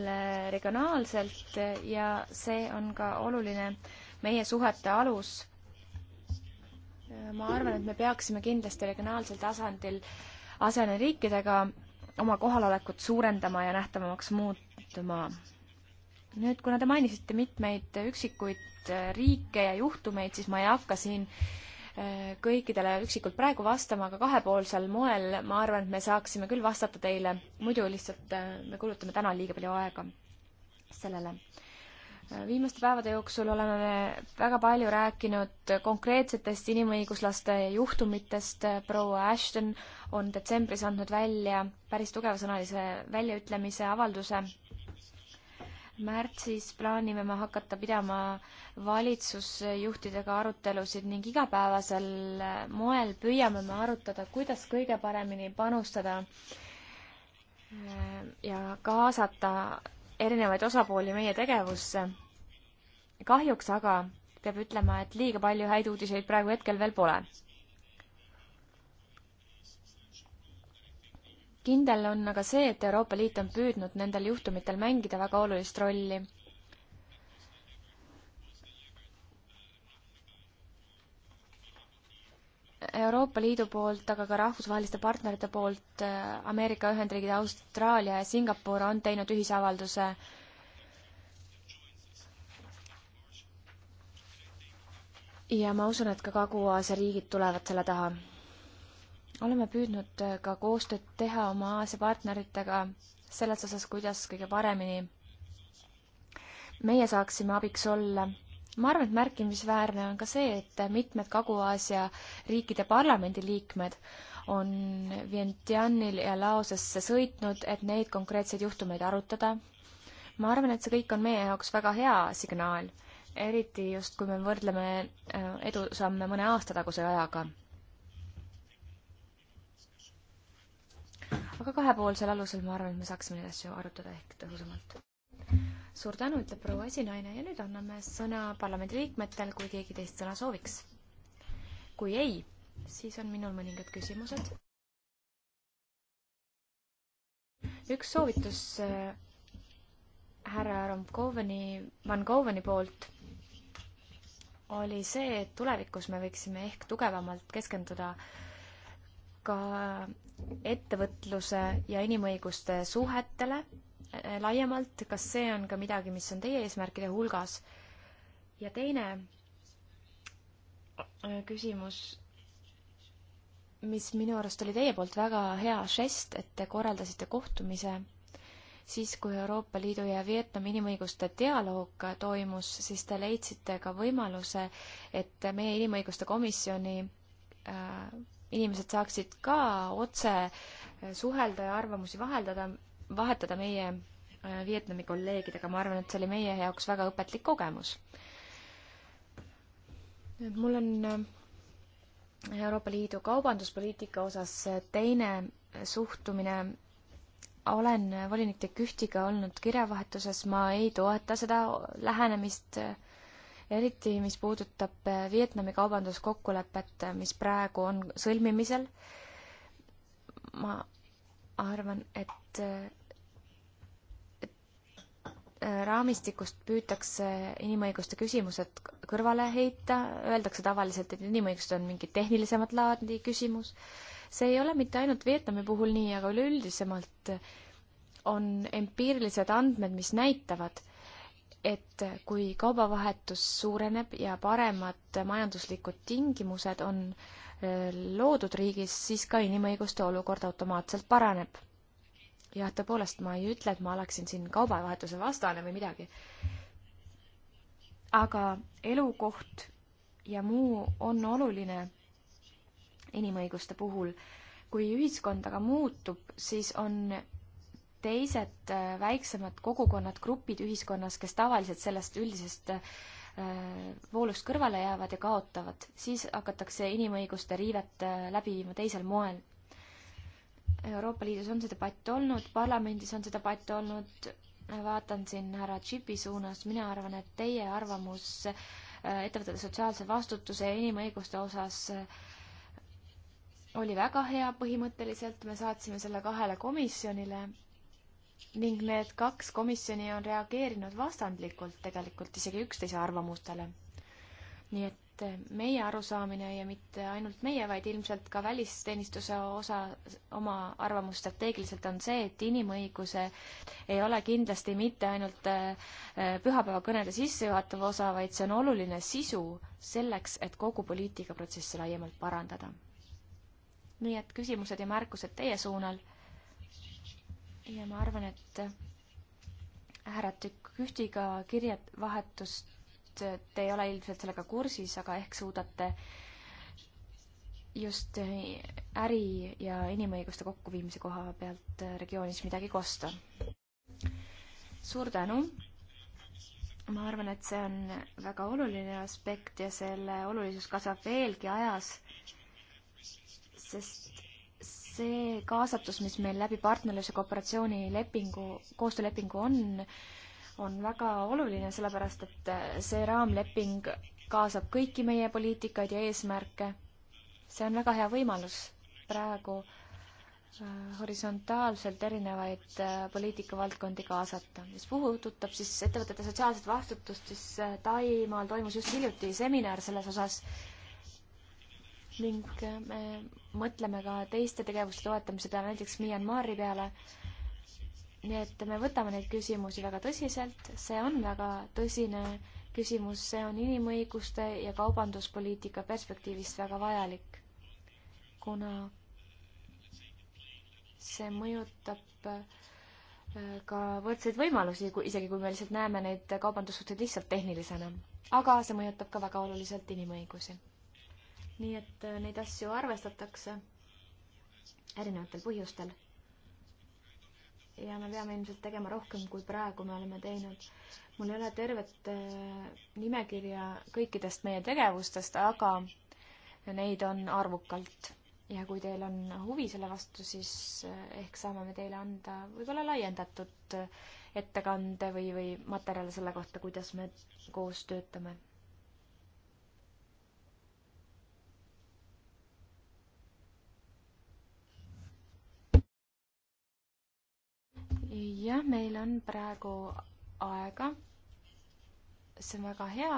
regionaalselt ja see on ka oluline meie suhete alus. ma arvan, et me peaksime kindlasti regionaalsel tasandil aseneriikidega oma kohalolekut suurendama ja nähtavamaks muutuma. nüüd, kuna te mainisite mitmeid üksikuid riike ja juhtumeid, siis ma ei hakka siin äh, kõikidele üksikult praegu vastama, aga kahepoolsel moel ma arvan, et me saaksime küll vastata teile, muidu lihtsalt äh, me kulutame täna liiga palju aega sellele. Äh, viimaste päevade jooksul oleme me väga palju rääkinud konkreetsetest inimõiguslaste juhtumitest, proua Ashton on detsembris andnud välja päris tugevasõnalise väljaütlemise avalduse märtsis plaanime me hakata pidama valitsusjuhtidega arutelusid ning igapäevasel moel püüame me arutada, kuidas kõige paremini panustada äh, ja kaasata erinevaid osapooli meie tegevusse. kahjuks aga peab ütlema, et liiga palju häid uudiseid praegu hetkel veel pole kindel on aga see, et Euroopa Liit on püüdnud nendel juhtumitel mängida väga olulist rolli. Euroopa Liidu poolt, aga ka rahvusvaheliste partnerite poolt äh, Ameerika Ühendriigid, Austraalia ja Singapur on teinud ühisavalduse ja ma usun, et ka Kagu-Aasia riigid tulevad selle taha oleme püüdnud äh, ka koostööd teha oma Aasia partneritega selles osas, kuidas kõige paremini meie saaksime abiks olla. ma arvan, et märkimisväärne on ka see, et mitmed Kagu-Aasia riikide parlamendiliikmed on Vientianil ja Laosesse sõitnud, et neid konkreetseid juhtumeid arutada. ma arvan, et see kõik on meie jaoks väga hea signaal, eriti just, kui me võrdleme äh, edusamme mõne aasta taguse ajaga aga kahepoolsel alusel ma arvan, et me saaksime neid asju arutada ehk tõhusamalt. suur tänu, ütleb proua esinaine ja nüüd anname sõna parlamendiliikmetel, kui keegi teist sõna sooviks. kui ei, siis on minul mõningad küsimused. üks soovitus äh, härra Romkoveni, Van Goveni poolt oli see, et tulevikus me võiksime ehk tugevamalt keskenduda ka ettevõtluse ja inimõiguste suhetele äh, laiemalt, kas see on ka midagi, mis on teie eesmärkide hulgas? ja teine äh, küsimus, mis minu arust oli teie poolt väga hea žest, et te korraldasite kohtumise siis, kui Euroopa Liidu ja Vietnami inimõiguste dialoog toimus, siis te leidsite ka võimaluse, et meie inimõiguste komisjoni äh, inimesed saaksid ka otse suhelda ja arvamusi vaheldada, vahetada meie äh, Vietnami kolleegidega, ma arvan, et see oli meie jaoks väga õpetlik kogemus. mul on äh, Euroopa Liidu kaubanduspoliitika osas äh, teine suhtumine. olen volinik De Kühtiga olnud kirjavahetuses, ma ei toeta seda lähenemist äh, eriti mis puudutab eh, Vietnami kaubanduskokkulepet, eh, mis praegu on sõlmimisel. ma arvan, et, et eh, raamistikust püütakse inimõiguste küsimused kõrvale heita, öeldakse tavaliselt, et inimõigused on mingi tehnilisemat laadi küsimus. see ei ole mitte ainult Vietnami puhul nii, aga üleüldisemalt on empiirilised andmed, mis näitavad, et kui kaubavahetus suureneb ja paremad majanduslikud tingimused on äh, loodud riigis, siis ka inimõiguste olukord automaatselt paraneb. jah, tõepoolest, ma ei ütle, et ma oleksin siin kaubavahetuse vastane või midagi. aga elukoht ja muu on oluline inimõiguste puhul. kui ühiskond aga muutub, siis on teised äh, väiksemad kogukonnad, grupid ühiskonnas, kes tavaliselt sellest üldisest äh, voolust kõrvale jäävad ja kaotavad, siis hakatakse inimõiguste riivet äh, läbi viima teisel moel. Euroopa Liidus on see debatt olnud, parlamendis on see debatt olnud, vaatan siin härra Tšipi suunas, mina arvan, et teie arvamus ettevõtete sotsiaalse vastutuse ja inimõiguste osas oli väga hea põhimõtteliselt, me saatsime selle kahele komisjonile ning need kaks komisjoni on reageerinud vastandlikult tegelikult isegi üksteise arvamustele. nii et meie arusaamine ja mitte ainult meie, vaid ilmselt ka välisteenistuse osa oma arvamus strateegiliselt on see, et inimõiguse ei ole kindlasti mitte ainult äh, pühapäevakõnede sissejuhatav osa, vaid see on oluline sisu selleks, et kogu poliitikaprotsessi laiemalt parandada. nii et küsimused ja märkused teie suunal ja ma arvan, et härra Tükühtiga kirjavahetust te ei ole ilmselt sellega kursis, aga ehk suudate just äri ja inimõiguste kokkuviimise koha pealt regioonis midagi kosta. suur tänu. ma arvan, et see on väga oluline aspekt ja selle olulisus kasvab veelgi ajas, sest see kaasatus, mis meil läbi partnerluse kooperatsiooni lepingu, koostöölepingu on, on väga oluline, sellepärast et see raamleping kaasab kõiki meie poliitikaid ja eesmärke. see on väga hea võimalus praegu äh, horisontaalselt erinevaid äh, poliitikavaldkondi kaasata. mis puudutab siis ettevõtete sotsiaalset vastutust, siis äh, Taimaal toimus just hiljuti seminar selles osas ning me mõtleme ka teiste tegevuste toetamise peale, näiteks Myanmari peale. nii et me võtame neid küsimusi väga tõsiselt, see on väga tõsine küsimus, see on inimõiguste ja kaubanduspoliitika perspektiivist väga vajalik, kuna see mõjutab äh, ka võrdseid võimalusi, kui isegi, kui me lihtsalt näeme neid kaubandussuhteid lihtsalt tehnilisena. aga see mõjutab ka väga oluliselt inimõigusi nii et äh, neid asju arvestatakse erinevatel põhjustel. ja me peame ilmselt tegema rohkem, kui praegu me oleme teinud. mul ei ole tervet äh, nimekirja kõikidest meie tegevustest, aga neid on arvukalt. ja kui teil on huvi selle vastu, siis äh, ehk saame me teile anda võib-olla laiendatud ettekande või, või materjale selle kohta, kuidas me koos töötame jah, meil on praegu aega. see on väga hea.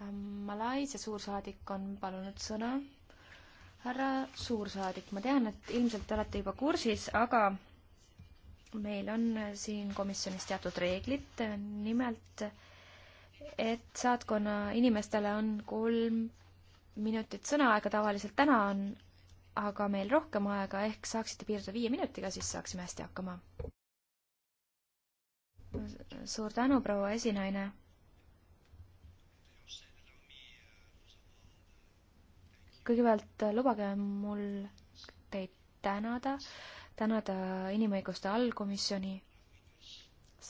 Ähm, Malaisia suursaadik on palunud sõna. härra suursaadik, ma tean, et ilmselt te olete juba kursis, aga meil on siin komisjonis teatud reeglid, nimelt et saatkonna inimestele on kolm minutit sõnaaega tavaliselt, täna on aga meil rohkem aega, ehk saaksite piirduda viie minutiga, siis saaksime hästi hakkama. suur tänu, proua esinaine. kõigepealt lubage mul teid tänada, tänada inimõiguste allkomisjoni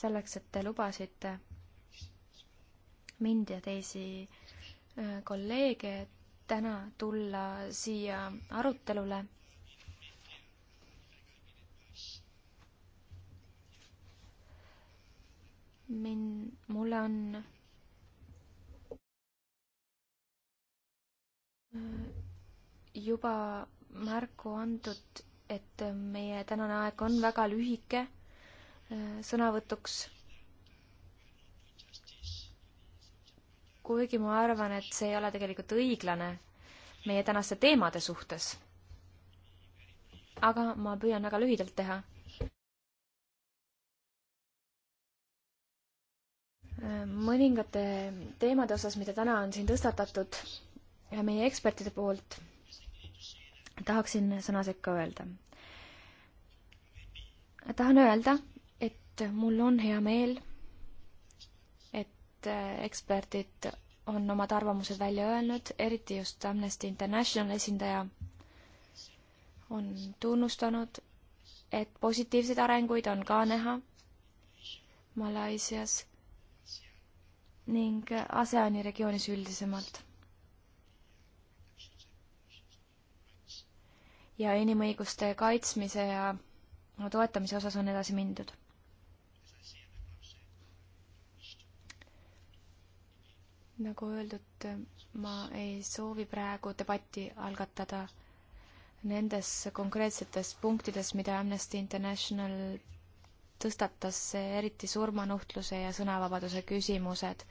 selleks, et te lubasite mind ja teisi äh, kolleege, et täna tulla siia arutelule. min-, mulle on äh, juba märku antud, et meie tänane aeg on väga lühike äh, sõnavõtuks kuigi ma arvan, et see ei ole tegelikult õiglane meie tänaste teemade suhtes. aga ma püüan väga lühidalt teha. mõningate teemade osas, mida täna on siin tõstatatud meie ekspertide poolt, tahaksin sõna sekka öelda. tahan öelda, et mul on hea meel mitmed äh, eksperdid on omad arvamused välja öelnud, eriti just Amnesty International esindaja on tunnustanud, et positiivseid arenguid on ka näha Malaisias ning ASEAN-i regioonis üldisemalt. ja inimõiguste kaitsmise ja toetamise osas on edasi mindud nagu öeldud, ma ei soovi praegu debatti algatada nendes konkreetsetes punktides, mida Amnesty International tõstatas, eriti surmanuhtluse ja sõnavabaduse küsimused.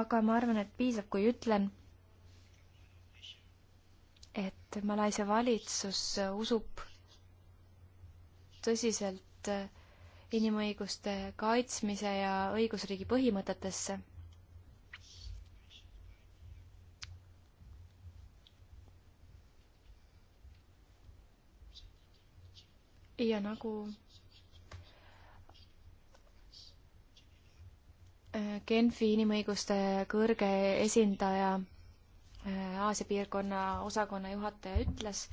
aga ma arvan, et piisab, kui ütlen, et Malaisia valitsus usub tõsiselt inimõiguste kaitsmise ja õigusriigi põhimõtetesse. ja nagu äh, Genfi inimõiguste kõrge esindaja äh, Aasia piirkonna osakonna juhataja ütles,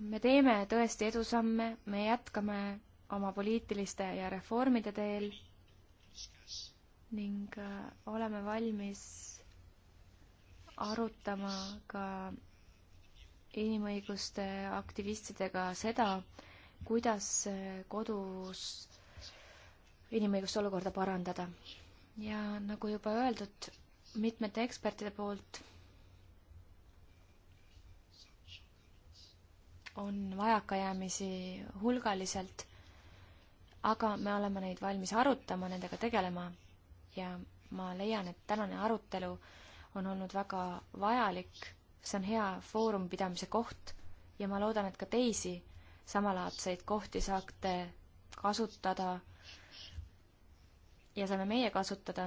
me teeme tõesti edusamme, me jätkame oma poliitiliste ja reformide teel ning äh, oleme valmis arutama ka inimõiguste aktivistidega seda, kuidas kodus inimõiguste olukorda parandada. ja nagu juba öeldud mitmete ekspertide poolt, on vajakajäämisi hulgaliselt aga me oleme neid valmis arutama, nendega tegelema ja ma leian, et tänane arutelu on olnud väga vajalik, see on hea foorum pidamise koht ja ma loodan, et ka teisi samalaadseid kohti saate kasutada ja saame meie kasutada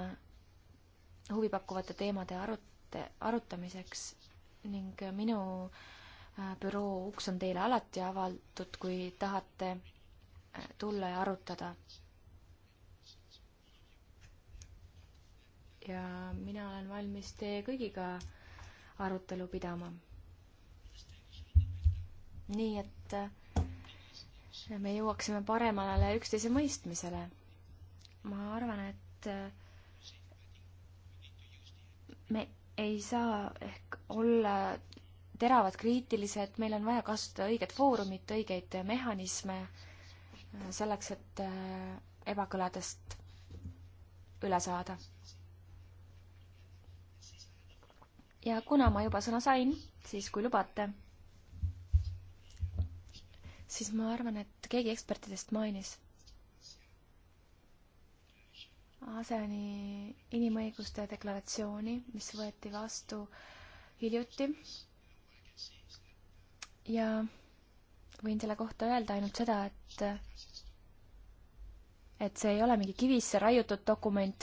huvipakkuvate teemade arut-, arutamiseks ning minu äh, büroo uks on teile alati avatud, kui tahate tulla ja arutada. ja mina olen valmis teie kõigiga arutelu pidama. nii et äh, me jõuaksime paremale üksteise mõistmisele. ma arvan, et äh, me ei saa ehk olla teravad kriitilised, meil on vaja kasutada õiget foorumit, õigeid mehhanisme selleks, et äh, ebakõladest üle saada. ja kuna ma juba sõna sain, siis kui lubate, siis ma arvan, et keegi ekspertidest mainis ASEAN-i inimõiguste deklaratsiooni, mis võeti vastu hiljuti ja võin selle kohta öelda ainult seda, et et see ei ole mingi kivisse raiutud dokument.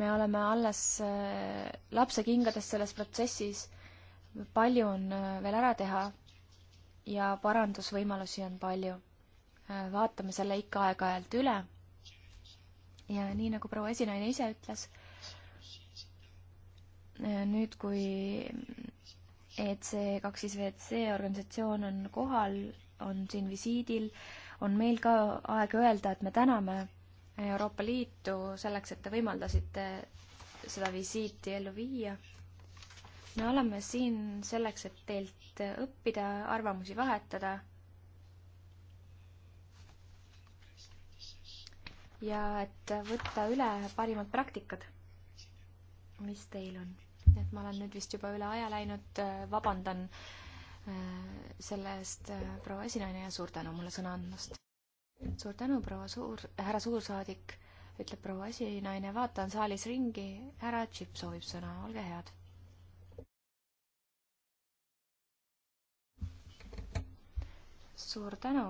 me oleme alles äh, lapsekingades selles protsessis, palju on äh, veel ära teha ja parandusvõimalusi on palju. Äh, vaatame selle ikka aeg-ajalt üle. ja nii, nagu proua esinaine ise ütles, nüüd, kui EC kaks siis WC organisatsioon on kohal, on siin visiidil, on meil ka aeg öelda, et me täname Euroopa Liitu selleks, et te võimaldasite seda visiiti ellu viia. me oleme siin selleks, et teilt õppida, arvamusi vahetada. ja et võtta üle parimad praktikad, mis teil on et ma olen nüüd vist juba üle aja läinud, äh, vabandan äh, selle eest, äh, proua esinaine, ja suur tänu mulle sõna andmast. suur tänu, proua suur, härra suursaadik, ütleb proua esinaine, vaatan saalis ringi, härra Tšipp soovib sõna, olge head suur tänu.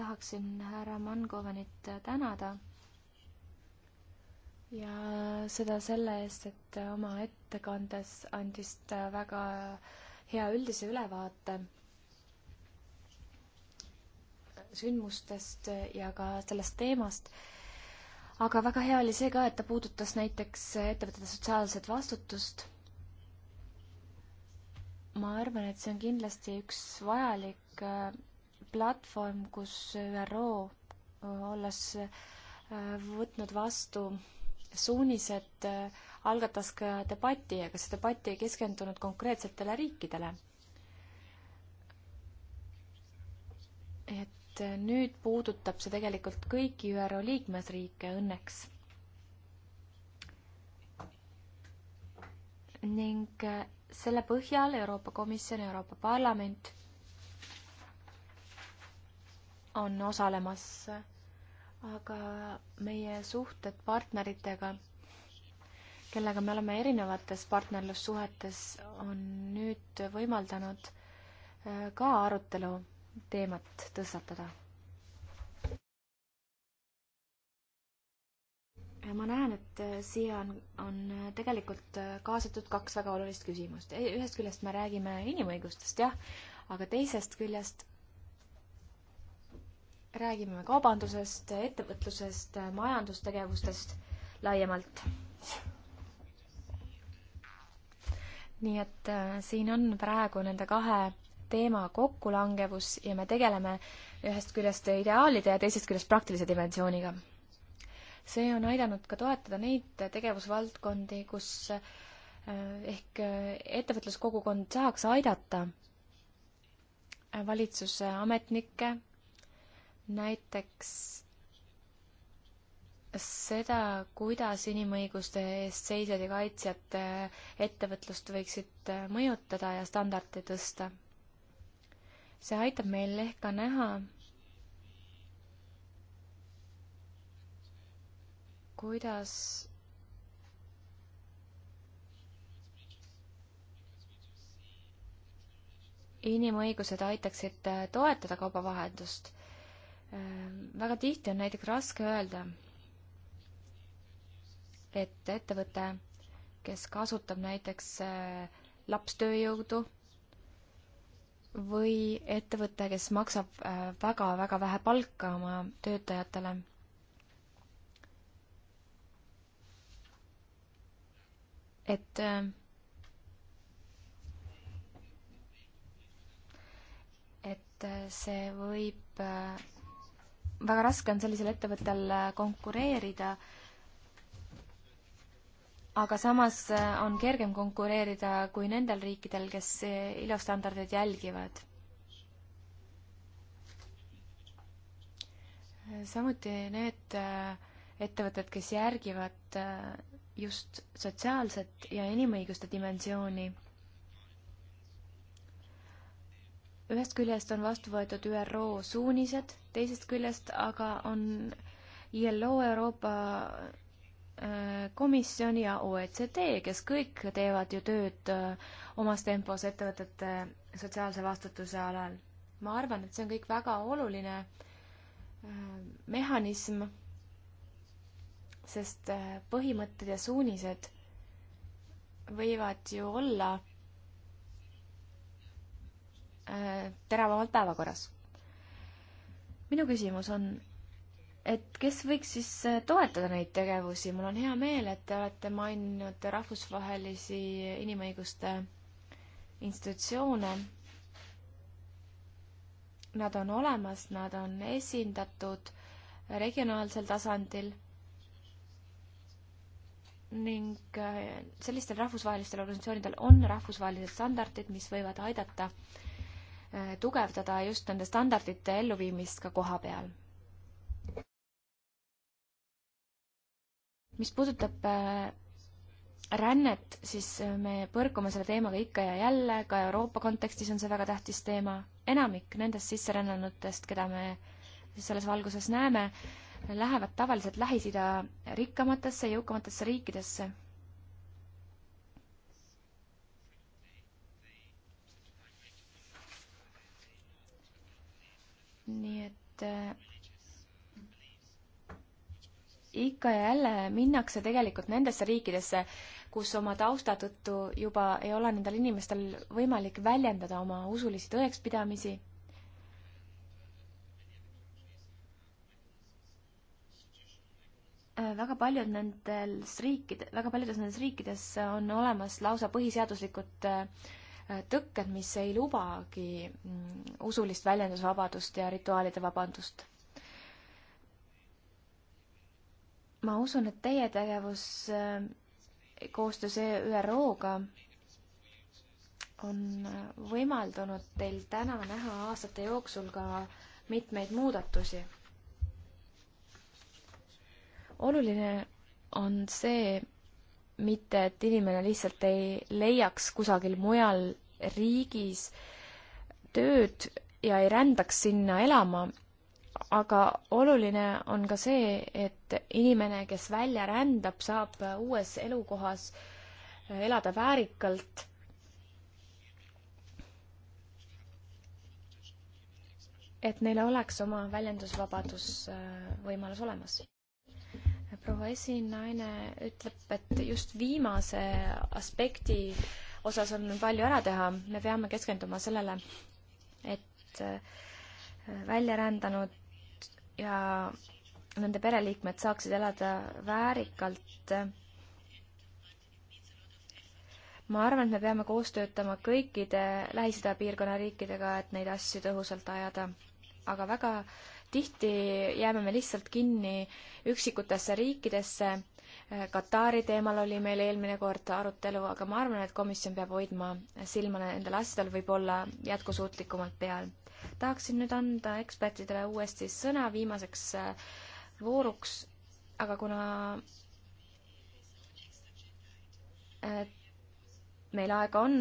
tahaksin härra Mangovanit tänada ja seda selle eest, et oma ettekandes andis ta väga hea üldise ülevaate sündmustest ja ka sellest teemast. aga väga hea oli see ka, et ta puudutas näiteks ettevõtete sotsiaalset vastutust. ma arvan, et see on kindlasti üks vajalik äh, platvorm, kus ÜRO, äh, olles äh, võtnud vastu suunised äh, algatas ka debati, aga see debatt ei keskendunud konkreetsetele riikidele. et nüüd puudutab see tegelikult kõiki ÜRO liikmesriike õnneks. ning äh, selle põhjal Euroopa Komisjon, Euroopa Parlament on osalemas äh, aga meie suhted partneritega, kellega me oleme erinevates partnerlussuhetes, on nüüd võimaldanud äh, ka arutelu teemat tõstatada ma näen, et äh, siia on, on äh, tegelikult kaasatud kaks väga olulist küsimust. E, ühest küljest me räägime inimõigustest, jah, aga teisest küljest räägime me kaubandusest, ettevõtlusest, majandustegevustest laiemalt. nii et äh, siin on praegu nende kahe teema kokkulangevus ja me tegeleme ühest küljest ideaalide ja teisest küljest praktilise dimensiooniga. see on aidanud ka toetada neid tegevusvaldkondi, kus äh, ehk äh, ettevõtluskogukond saaks aidata valitsuse ametnikke näiteks seda, kuidas inimõiguste eest seisjad ja kaitsjad eh, ettevõtlust võiksid eh, mõjutada ja standardi tõsta. see aitab meil ehk ka näha, kuidas inimõigused aitaksid eh, toetada kaubavahetust väga tihti on näiteks raske öelda, et ettevõte, kes kasutab näiteks äh, lapstööjõudu või ettevõte, kes maksab väga-väga äh, vähe palka oma töötajatele et äh, et see võib väga raske on sellisel ettevõttel äh, konkureerida, aga samas äh, on kergem konkureerida kui nendel riikidel, kes äh, ILO standardeid jälgivad. samuti need ettevõtted, kes järgivad just sotsiaalset ja inimõiguste dimensiooni ühest küljest on vastu võetud ÜRO suunised, teisest küljest aga on ILO Euroopa äh, komisjon ja OECD, kes kõik teevad ju tööd äh, omas tempos ettevõtete sotsiaalse vastutuse alal. ma arvan, et see on kõik väga oluline äh, mehhanism, sest põhimõtted ja suunised võivad ju olla teravamalt päevakorras. minu küsimus on, et kes võiks siis äh, toetada neid tegevusi, mul on hea meel, et te olete maininud rahvusvahelisi inimõiguste institutsioone. Nad on olemas, nad on esindatud regionaalsel tasandil ning äh, sellistel rahvusvahelistel organisatsioonidel on rahvusvahelised standardid, mis võivad aidata äh, Äh, tugevdada just nende standardite elluviimist ka koha peal. mis puudutab äh, rännet, siis äh, me põrkume selle teemaga ikka ja jälle, ka Euroopa kontekstis on see väga tähtis teema. enamik nendest sisserännanutest, keda me selles valguses näeme, lähevad tavaliselt Lähis-Ida rikkamatesse, jõukamatesse riikidesse nii et äh, ikka ja jälle minnakse tegelikult nendesse riikidesse, kus oma tausta tõttu juba ei ole nendel inimestel võimalik väljendada oma usulisi tõekspidamisi. Äh, väga paljud nendes riikide, väga paljudes nendes riikides on olemas lausa põhiseaduslikud äh, tõkked, mis ei lubagi mm, usulist väljendusvabadust ja rituaalide vabandust. ma usun, et teie tegevus äh, koostöös ÜRO-ga e on äh, võimaldanud teil täna näha aastate jooksul ka mitmeid muudatusi. oluline on see, mitte et inimene lihtsalt ei leiaks kusagil mujal riigis tööd ja ei rändaks sinna elama, aga oluline on ka see, et inimene, kes välja rändab, saab uues elukohas elada väärikalt. et neil oleks oma väljendusvabadus äh, võimalus olemas proua esinaine ütleb, et just viimase aspekti osas on palju ära teha, me peame keskenduma sellele, et äh, välja rändanud ja nende pereliikmed saaksid elada väärikalt. ma arvan, et me peame koos töötama kõikide Lähis-Ida piirkonna riikidega, et neid asju tõhusalt ajada, aga väga äh, tihti jääme me lihtsalt kinni üksikutesse riikidesse. Katari teemal oli meil eelmine kord arutelu, aga ma arvan, et komisjon peab hoidma silma nendel asjadel võib-olla jätkusuutlikumalt peal. tahaksin nüüd anda ekspertidele uuesti sõna viimaseks äh, vooruks, aga kuna äh, meil aega on,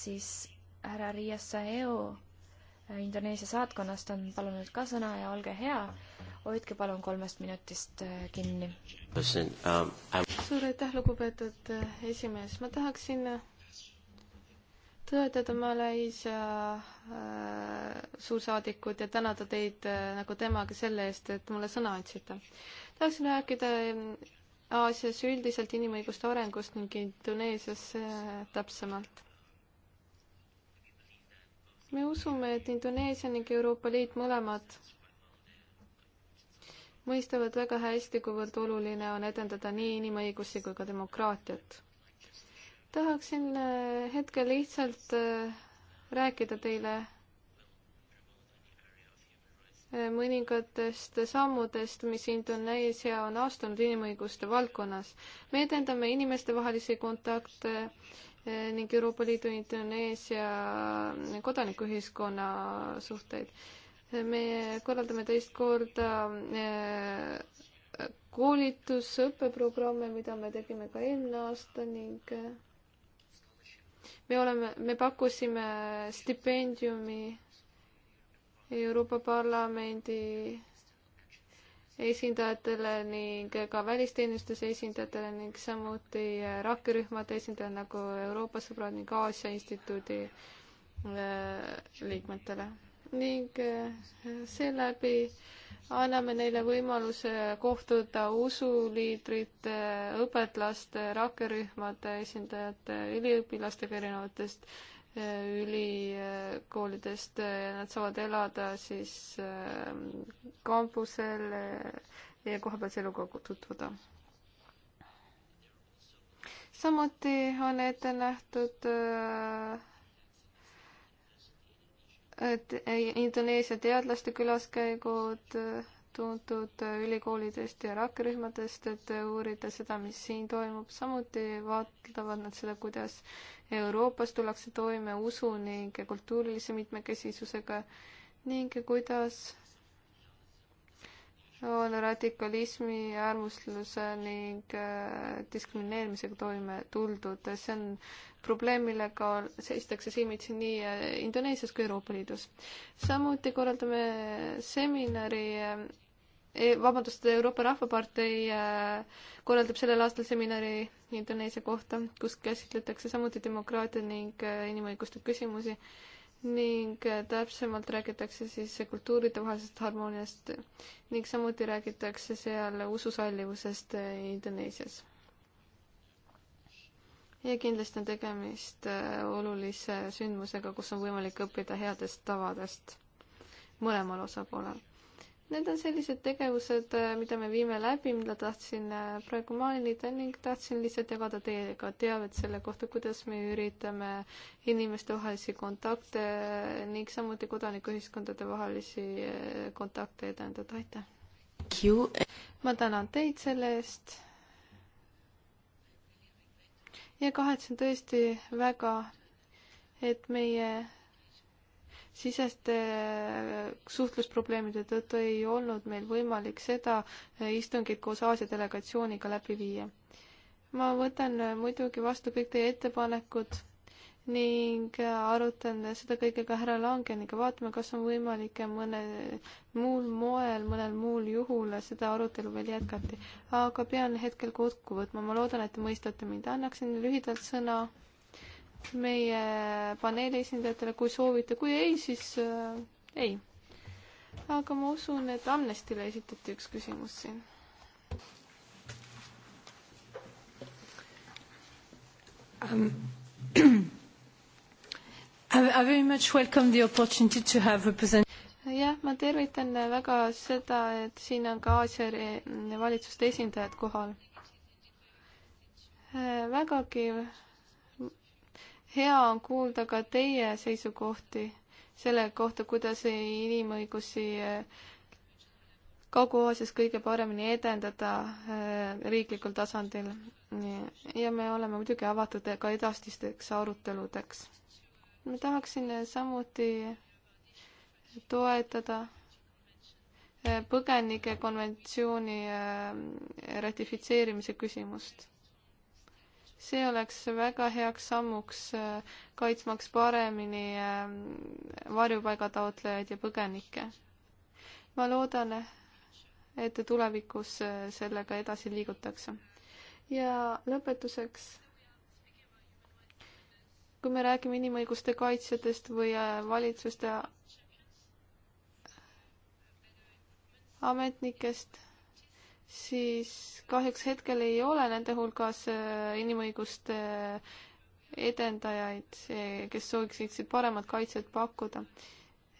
siis härra Riia Saeo Indoneesia saatkonnast on palunud ka sõna ja olge hea, hoidke palun kolmest minutist äh, kinni. Um, suur aitäh, lugupeetud äh, esimees, ma tahaksin äh, tõotada Malaisia äh, suursaadikud ja tänada teid äh, nagu temaga selle eest, et mulle sõna andsite. tahaksin rääkida ähm, Aasias üldiselt inimõiguste arengust ning Indoneesias äh, täpsemalt me usume, et Indoneesia ning Euroopa Liit mõlemad mõistavad väga hästi, kuivõrd oluline on edendada nii inimõigusi kui ka demokraatiat. tahaksin äh, hetkel lihtsalt äh, rääkida teile mõningatest sammudest, mis Indoneesia on astunud inimõiguste valdkonnas. me edendame inimestevahelisi kontakte eh, ning Euroopa Liidu Indoneesia kodanikuühiskonna suhteid. me korraldame teist korda eh, koolitusõppeprogramme, mida me tegime ka eelmine aasta ning eh, me oleme, me pakkusime stipendiumi Euroopa Parlamendi esindajatele ning ka välisteenistuse esindajatele ning samuti rakkerühmade esindajad nagu Euroopa sõbrad ning Aasia instituudi äh, liikmetele. ning äh, seeläbi anname neile võimaluse kohtuda usuliidrite, õpetlaste, rakkerühmade esindajate, üliõpilastega erinevatest ülikoolidest ja nad saavad elada siis ähm, kampusel äh, ja kohapealse eluga tutvuda. samuti on ette nähtud äh, et äh, Indoneesia teadlaste külaskäigud tuntud ülikoolidest ja rakkerühmadest, et uurida seda, mis siin toimub. samuti vaatavad nad seda, kuidas Euroopas tullakse toime usu ning kultuurilise mitmekesisusega ning kuidas on radikalismi, äärmusluse ning äh, diskrimineerimisega toime tuldud. see on probleem, millega seistakse silmitsi nii äh, Indoneesias kui Euroopa Liidus. samuti korraldame seminari äh, e, vabandust, Euroopa Rahvapartei korraldab sellel aastal seminari Indoneesia kohta, kus käsitletakse samuti demokraatia ning inimõiguste küsimusi ning täpsemalt räägitakse siis kultuuridevahelisest harmooniast ning samuti räägitakse seal ususallivusest Indoneesias. ja kindlasti on tegemist äh, olulise sündmusega, kus on võimalik õppida headest tavadest mõlemal osapoolel. Need on sellised tegevused, äh, mida me viime läbi, mida tahtsin äh, praegu mainida ning tahtsin lihtsalt jagada teiega teavet selle kohta, kuidas me üritame inimeste vahelisi kontakte äh, ning samuti kodanikuühiskondade vahelisi kontakte edendada, aitäh! ma tänan teid selle eest ja kahetsen tõesti väga, et meie siseste äh, suhtlusprobleemide tõttu ei olnud meil võimalik seda äh, istungit koos Aasia delegatsiooniga läbi viia. ma võtan äh, muidugi vastu kõik teie ettepanekud ning arutan seda kõike ka härra Langeniga, vaatame, kas on võimalik mõne muul moel, mõnel muul juhul seda arutelu veel jätkati. aga pean hetkel kokku võtma, ma loodan, et te mõistate mind, annaksin lühidalt sõna meie paneeli esindajatele, kui soovite, kui ei, siis äh, ei. aga ma usun, et Amnestile esitati üks küsimus siin. Um, I very much welcome the opportunity to have represent- jah, ma tervitan väga seda, et siin on ka Aasia valitsuste esindajad kohal. Äh, vägagi hea on kuulda ka teie seisukohti selle kohta, kuidas inimõigusi eh, Kagu-Aasias kõige paremini edendada eh, riiklikul tasandil. ja me oleme muidugi avatud ka edastisteks aruteludeks. ma tahaksin samuti toetada eh, põgenike konventsiooni ratifitseerimise küsimust see oleks väga heaks sammuks äh, kaitsmaks paremini äh, varjupaigataotlejaid ja põgenikke. ma loodan, et tulevikus äh, sellega edasi liigutakse. ja lõpetuseks, kui me räägime inimõiguste kaitsjatest või valitsuste ametnikest siis kahjuks hetkel ei ole nende hulgas äh, inimõiguste äh, edendajaid, kes sooviksid paremat kaitset pakkuda.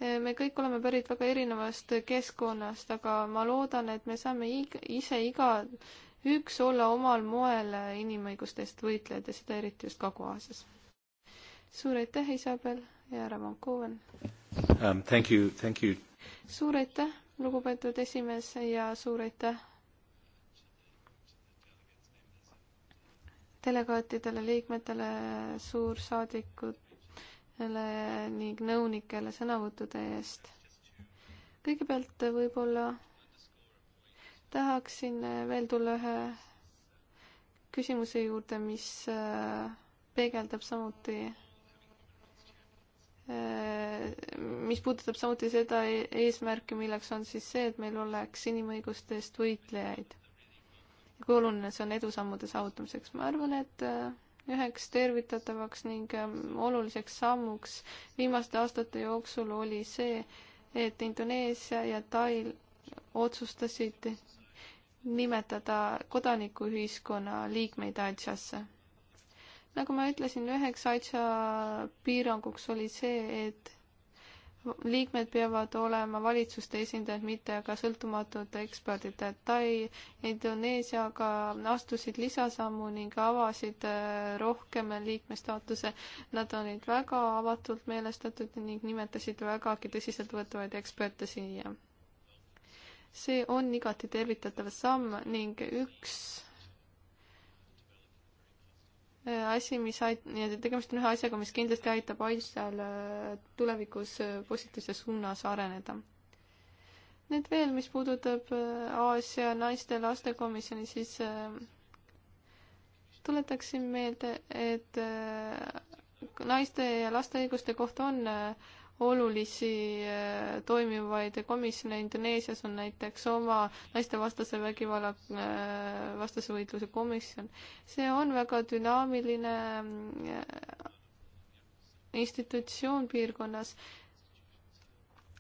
Äh, me kõik oleme pärit väga erinevast keskkonnast, aga ma loodan, et me saame iga, ise igaüks olla omal moel inimõiguste eest võitlejad ja seda eriti just Kagu-Aasias. suur aitäh, Isabel ja härra Vankuven um,! suur aitäh, lugupeetud esimees ja suur aitäh delegaatidele, liikmetele, suursaadikutele ning nõunikele sõnavõttude eest. kõigepealt võib-olla tahaksin veel tulla ühe küsimuse juurde, mis äh, peegeldab samuti äh, mis puudutab samuti seda e-, eesmärki, milleks on siis see, et meil oleks inimõiguste eest võitlejaid kui oluline see on edusammude saavutamiseks. ma arvan, et äh, üheks tervitatavaks ning ähm, oluliseks sammuks viimaste aastate jooksul oli see, et Indoneesia ja Tai otsustasid nimetada kodanikuühiskonna liikmeid Aidžasse. nagu ma ütlesin, üheks Aidža piiranguks oli see, et liikmed peavad olema valitsuste esindajad, mitte aga sõltumatud eksperdid. Tai Indoneesiaga astusid lisasammu ning avasid äh, rohkem liikmestaatuse. Nad olid väga avatult meelestatud ning nimetasid vägagi tõsiseltvõetavaid eksperte siia. see on igati tervitatav samm ning üks Äh, asi, mis ait-, tegemist on ühe asjaga, mis kindlasti aitab Aisal äh, tulevikus äh, positiivses suunas areneda. nüüd veel, mis puudutab Aasia naiste lastekomisjoni, siis tuletaksin meelde, et naiste ja laste õiguste kohta on äh, olulisi äh, toimivaid komisjone Indoneesias on näiteks oma naistevastase vägivalla äh, vastase võitluse komisjon. see on väga dünaamiline äh, institutsioon piirkonnas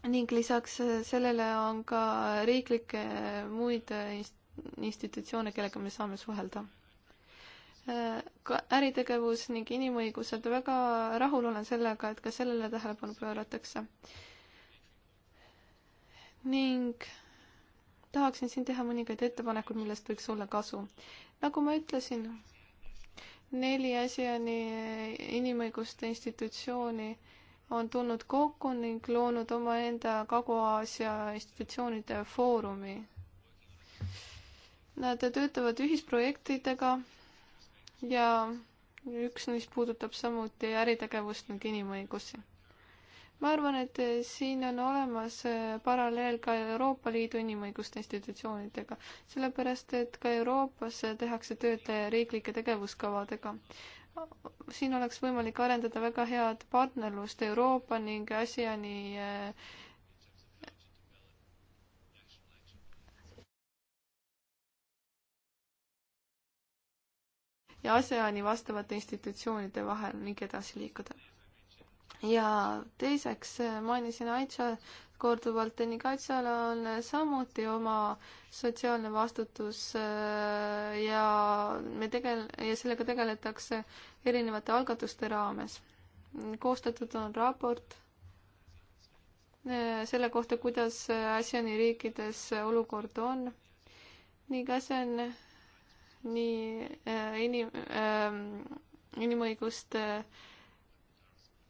ning lisaks sellele on ka riiklikke muid institutsioone, kellega me saame suhelda Äh, ka äritegevus ning inimõigused, väga rahul olen sellega, et ka sellele tähelepanu pööratakse. ning tahaksin siin teha mõningaid ettepanekuid, millest võiks olla kasu. nagu ma ütlesin, neli ASEAN-i inimõiguste institutsiooni on tulnud kokku ning loonud omaenda Kagu-Aasia institutsioonide foorumi. Nad töötavad ühisprojektidega ja üks neist puudutab samuti äritegevust ning inimõigusi. ma arvan, et siin on olemas äh, paralleel ka Euroopa Liidu inimõiguste institutsioonidega, sellepärast et ka Euroopas tehakse tööd riiklike tegevuskavadega. siin oleks võimalik arendada väga head partnerlust Euroopa ning ASEAN-i äh, ja ASEAN-i vastavate institutsioonide vahel ning edasi liikuda. ja teiseks äh, mainisin Aitša korduvalt, ning Aitšal on samuti oma sotsiaalne vastutus äh, ja me tegel-, ja sellega tegeletakse erinevate algatuste raames. koostatud on raport äh, selle kohta, kuidas ASEAN-i riikides olukord on ning ASEAN nii äh, inim-, ähm, inimõiguste äh,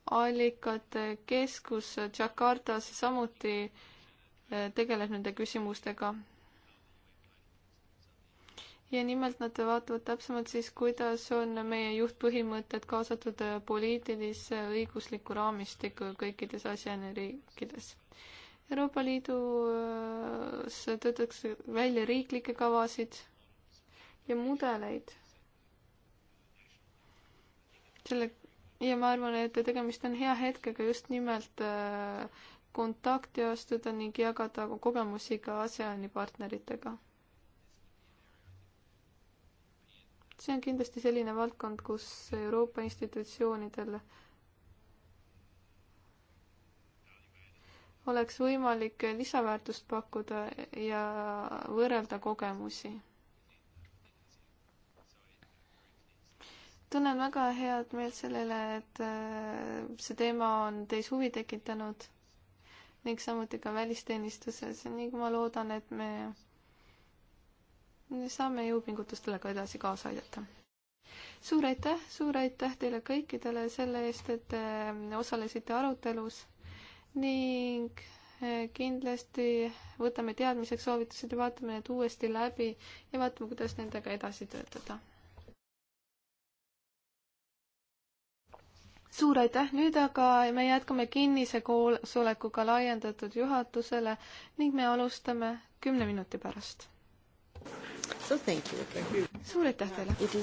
allikate keskus Jakartas samuti äh, tegeleb nende küsimustega. ja nimelt nad vaatavad täpsemalt siis, kuidas on meie juhtpõhimõtted kaasatud poliitilisse õiguslikku raamistikku kõikides ASEAN-i riikides. Euroopa Liidus töötatakse välja riiklikke kavasid ja mudeleid. selle ja ma arvan, et tegemist on hea hetkega just nimelt äh, kontakti astuda ning jagada kogemusi ka ASEAN-i partneritega. see on kindlasti selline valdkond, kus Euroopa institutsioonidel oleks võimalik lisaväärtust pakkuda ja võrrelda kogemusi tunnen väga head meelt sellele, et äh, see teema on teis huvi tekitanud ning samuti ka välisteenistuses ning ma loodan, et me saame jõupingutustele ka edasi kaasa aidata. suur aitäh, suur aitäh teile kõikidele selle eest, et te osalesite arutelus ning äh, kindlasti võtame teadmiseks soovitused ja vaatame need uuesti läbi ja vaatame, kuidas nendega edasi töötada suur aitäh, nüüd aga me jätkame kinnise koosolekuga laiendatud juhatusele ning me alustame kümne minuti pärast. suur aitäh teile!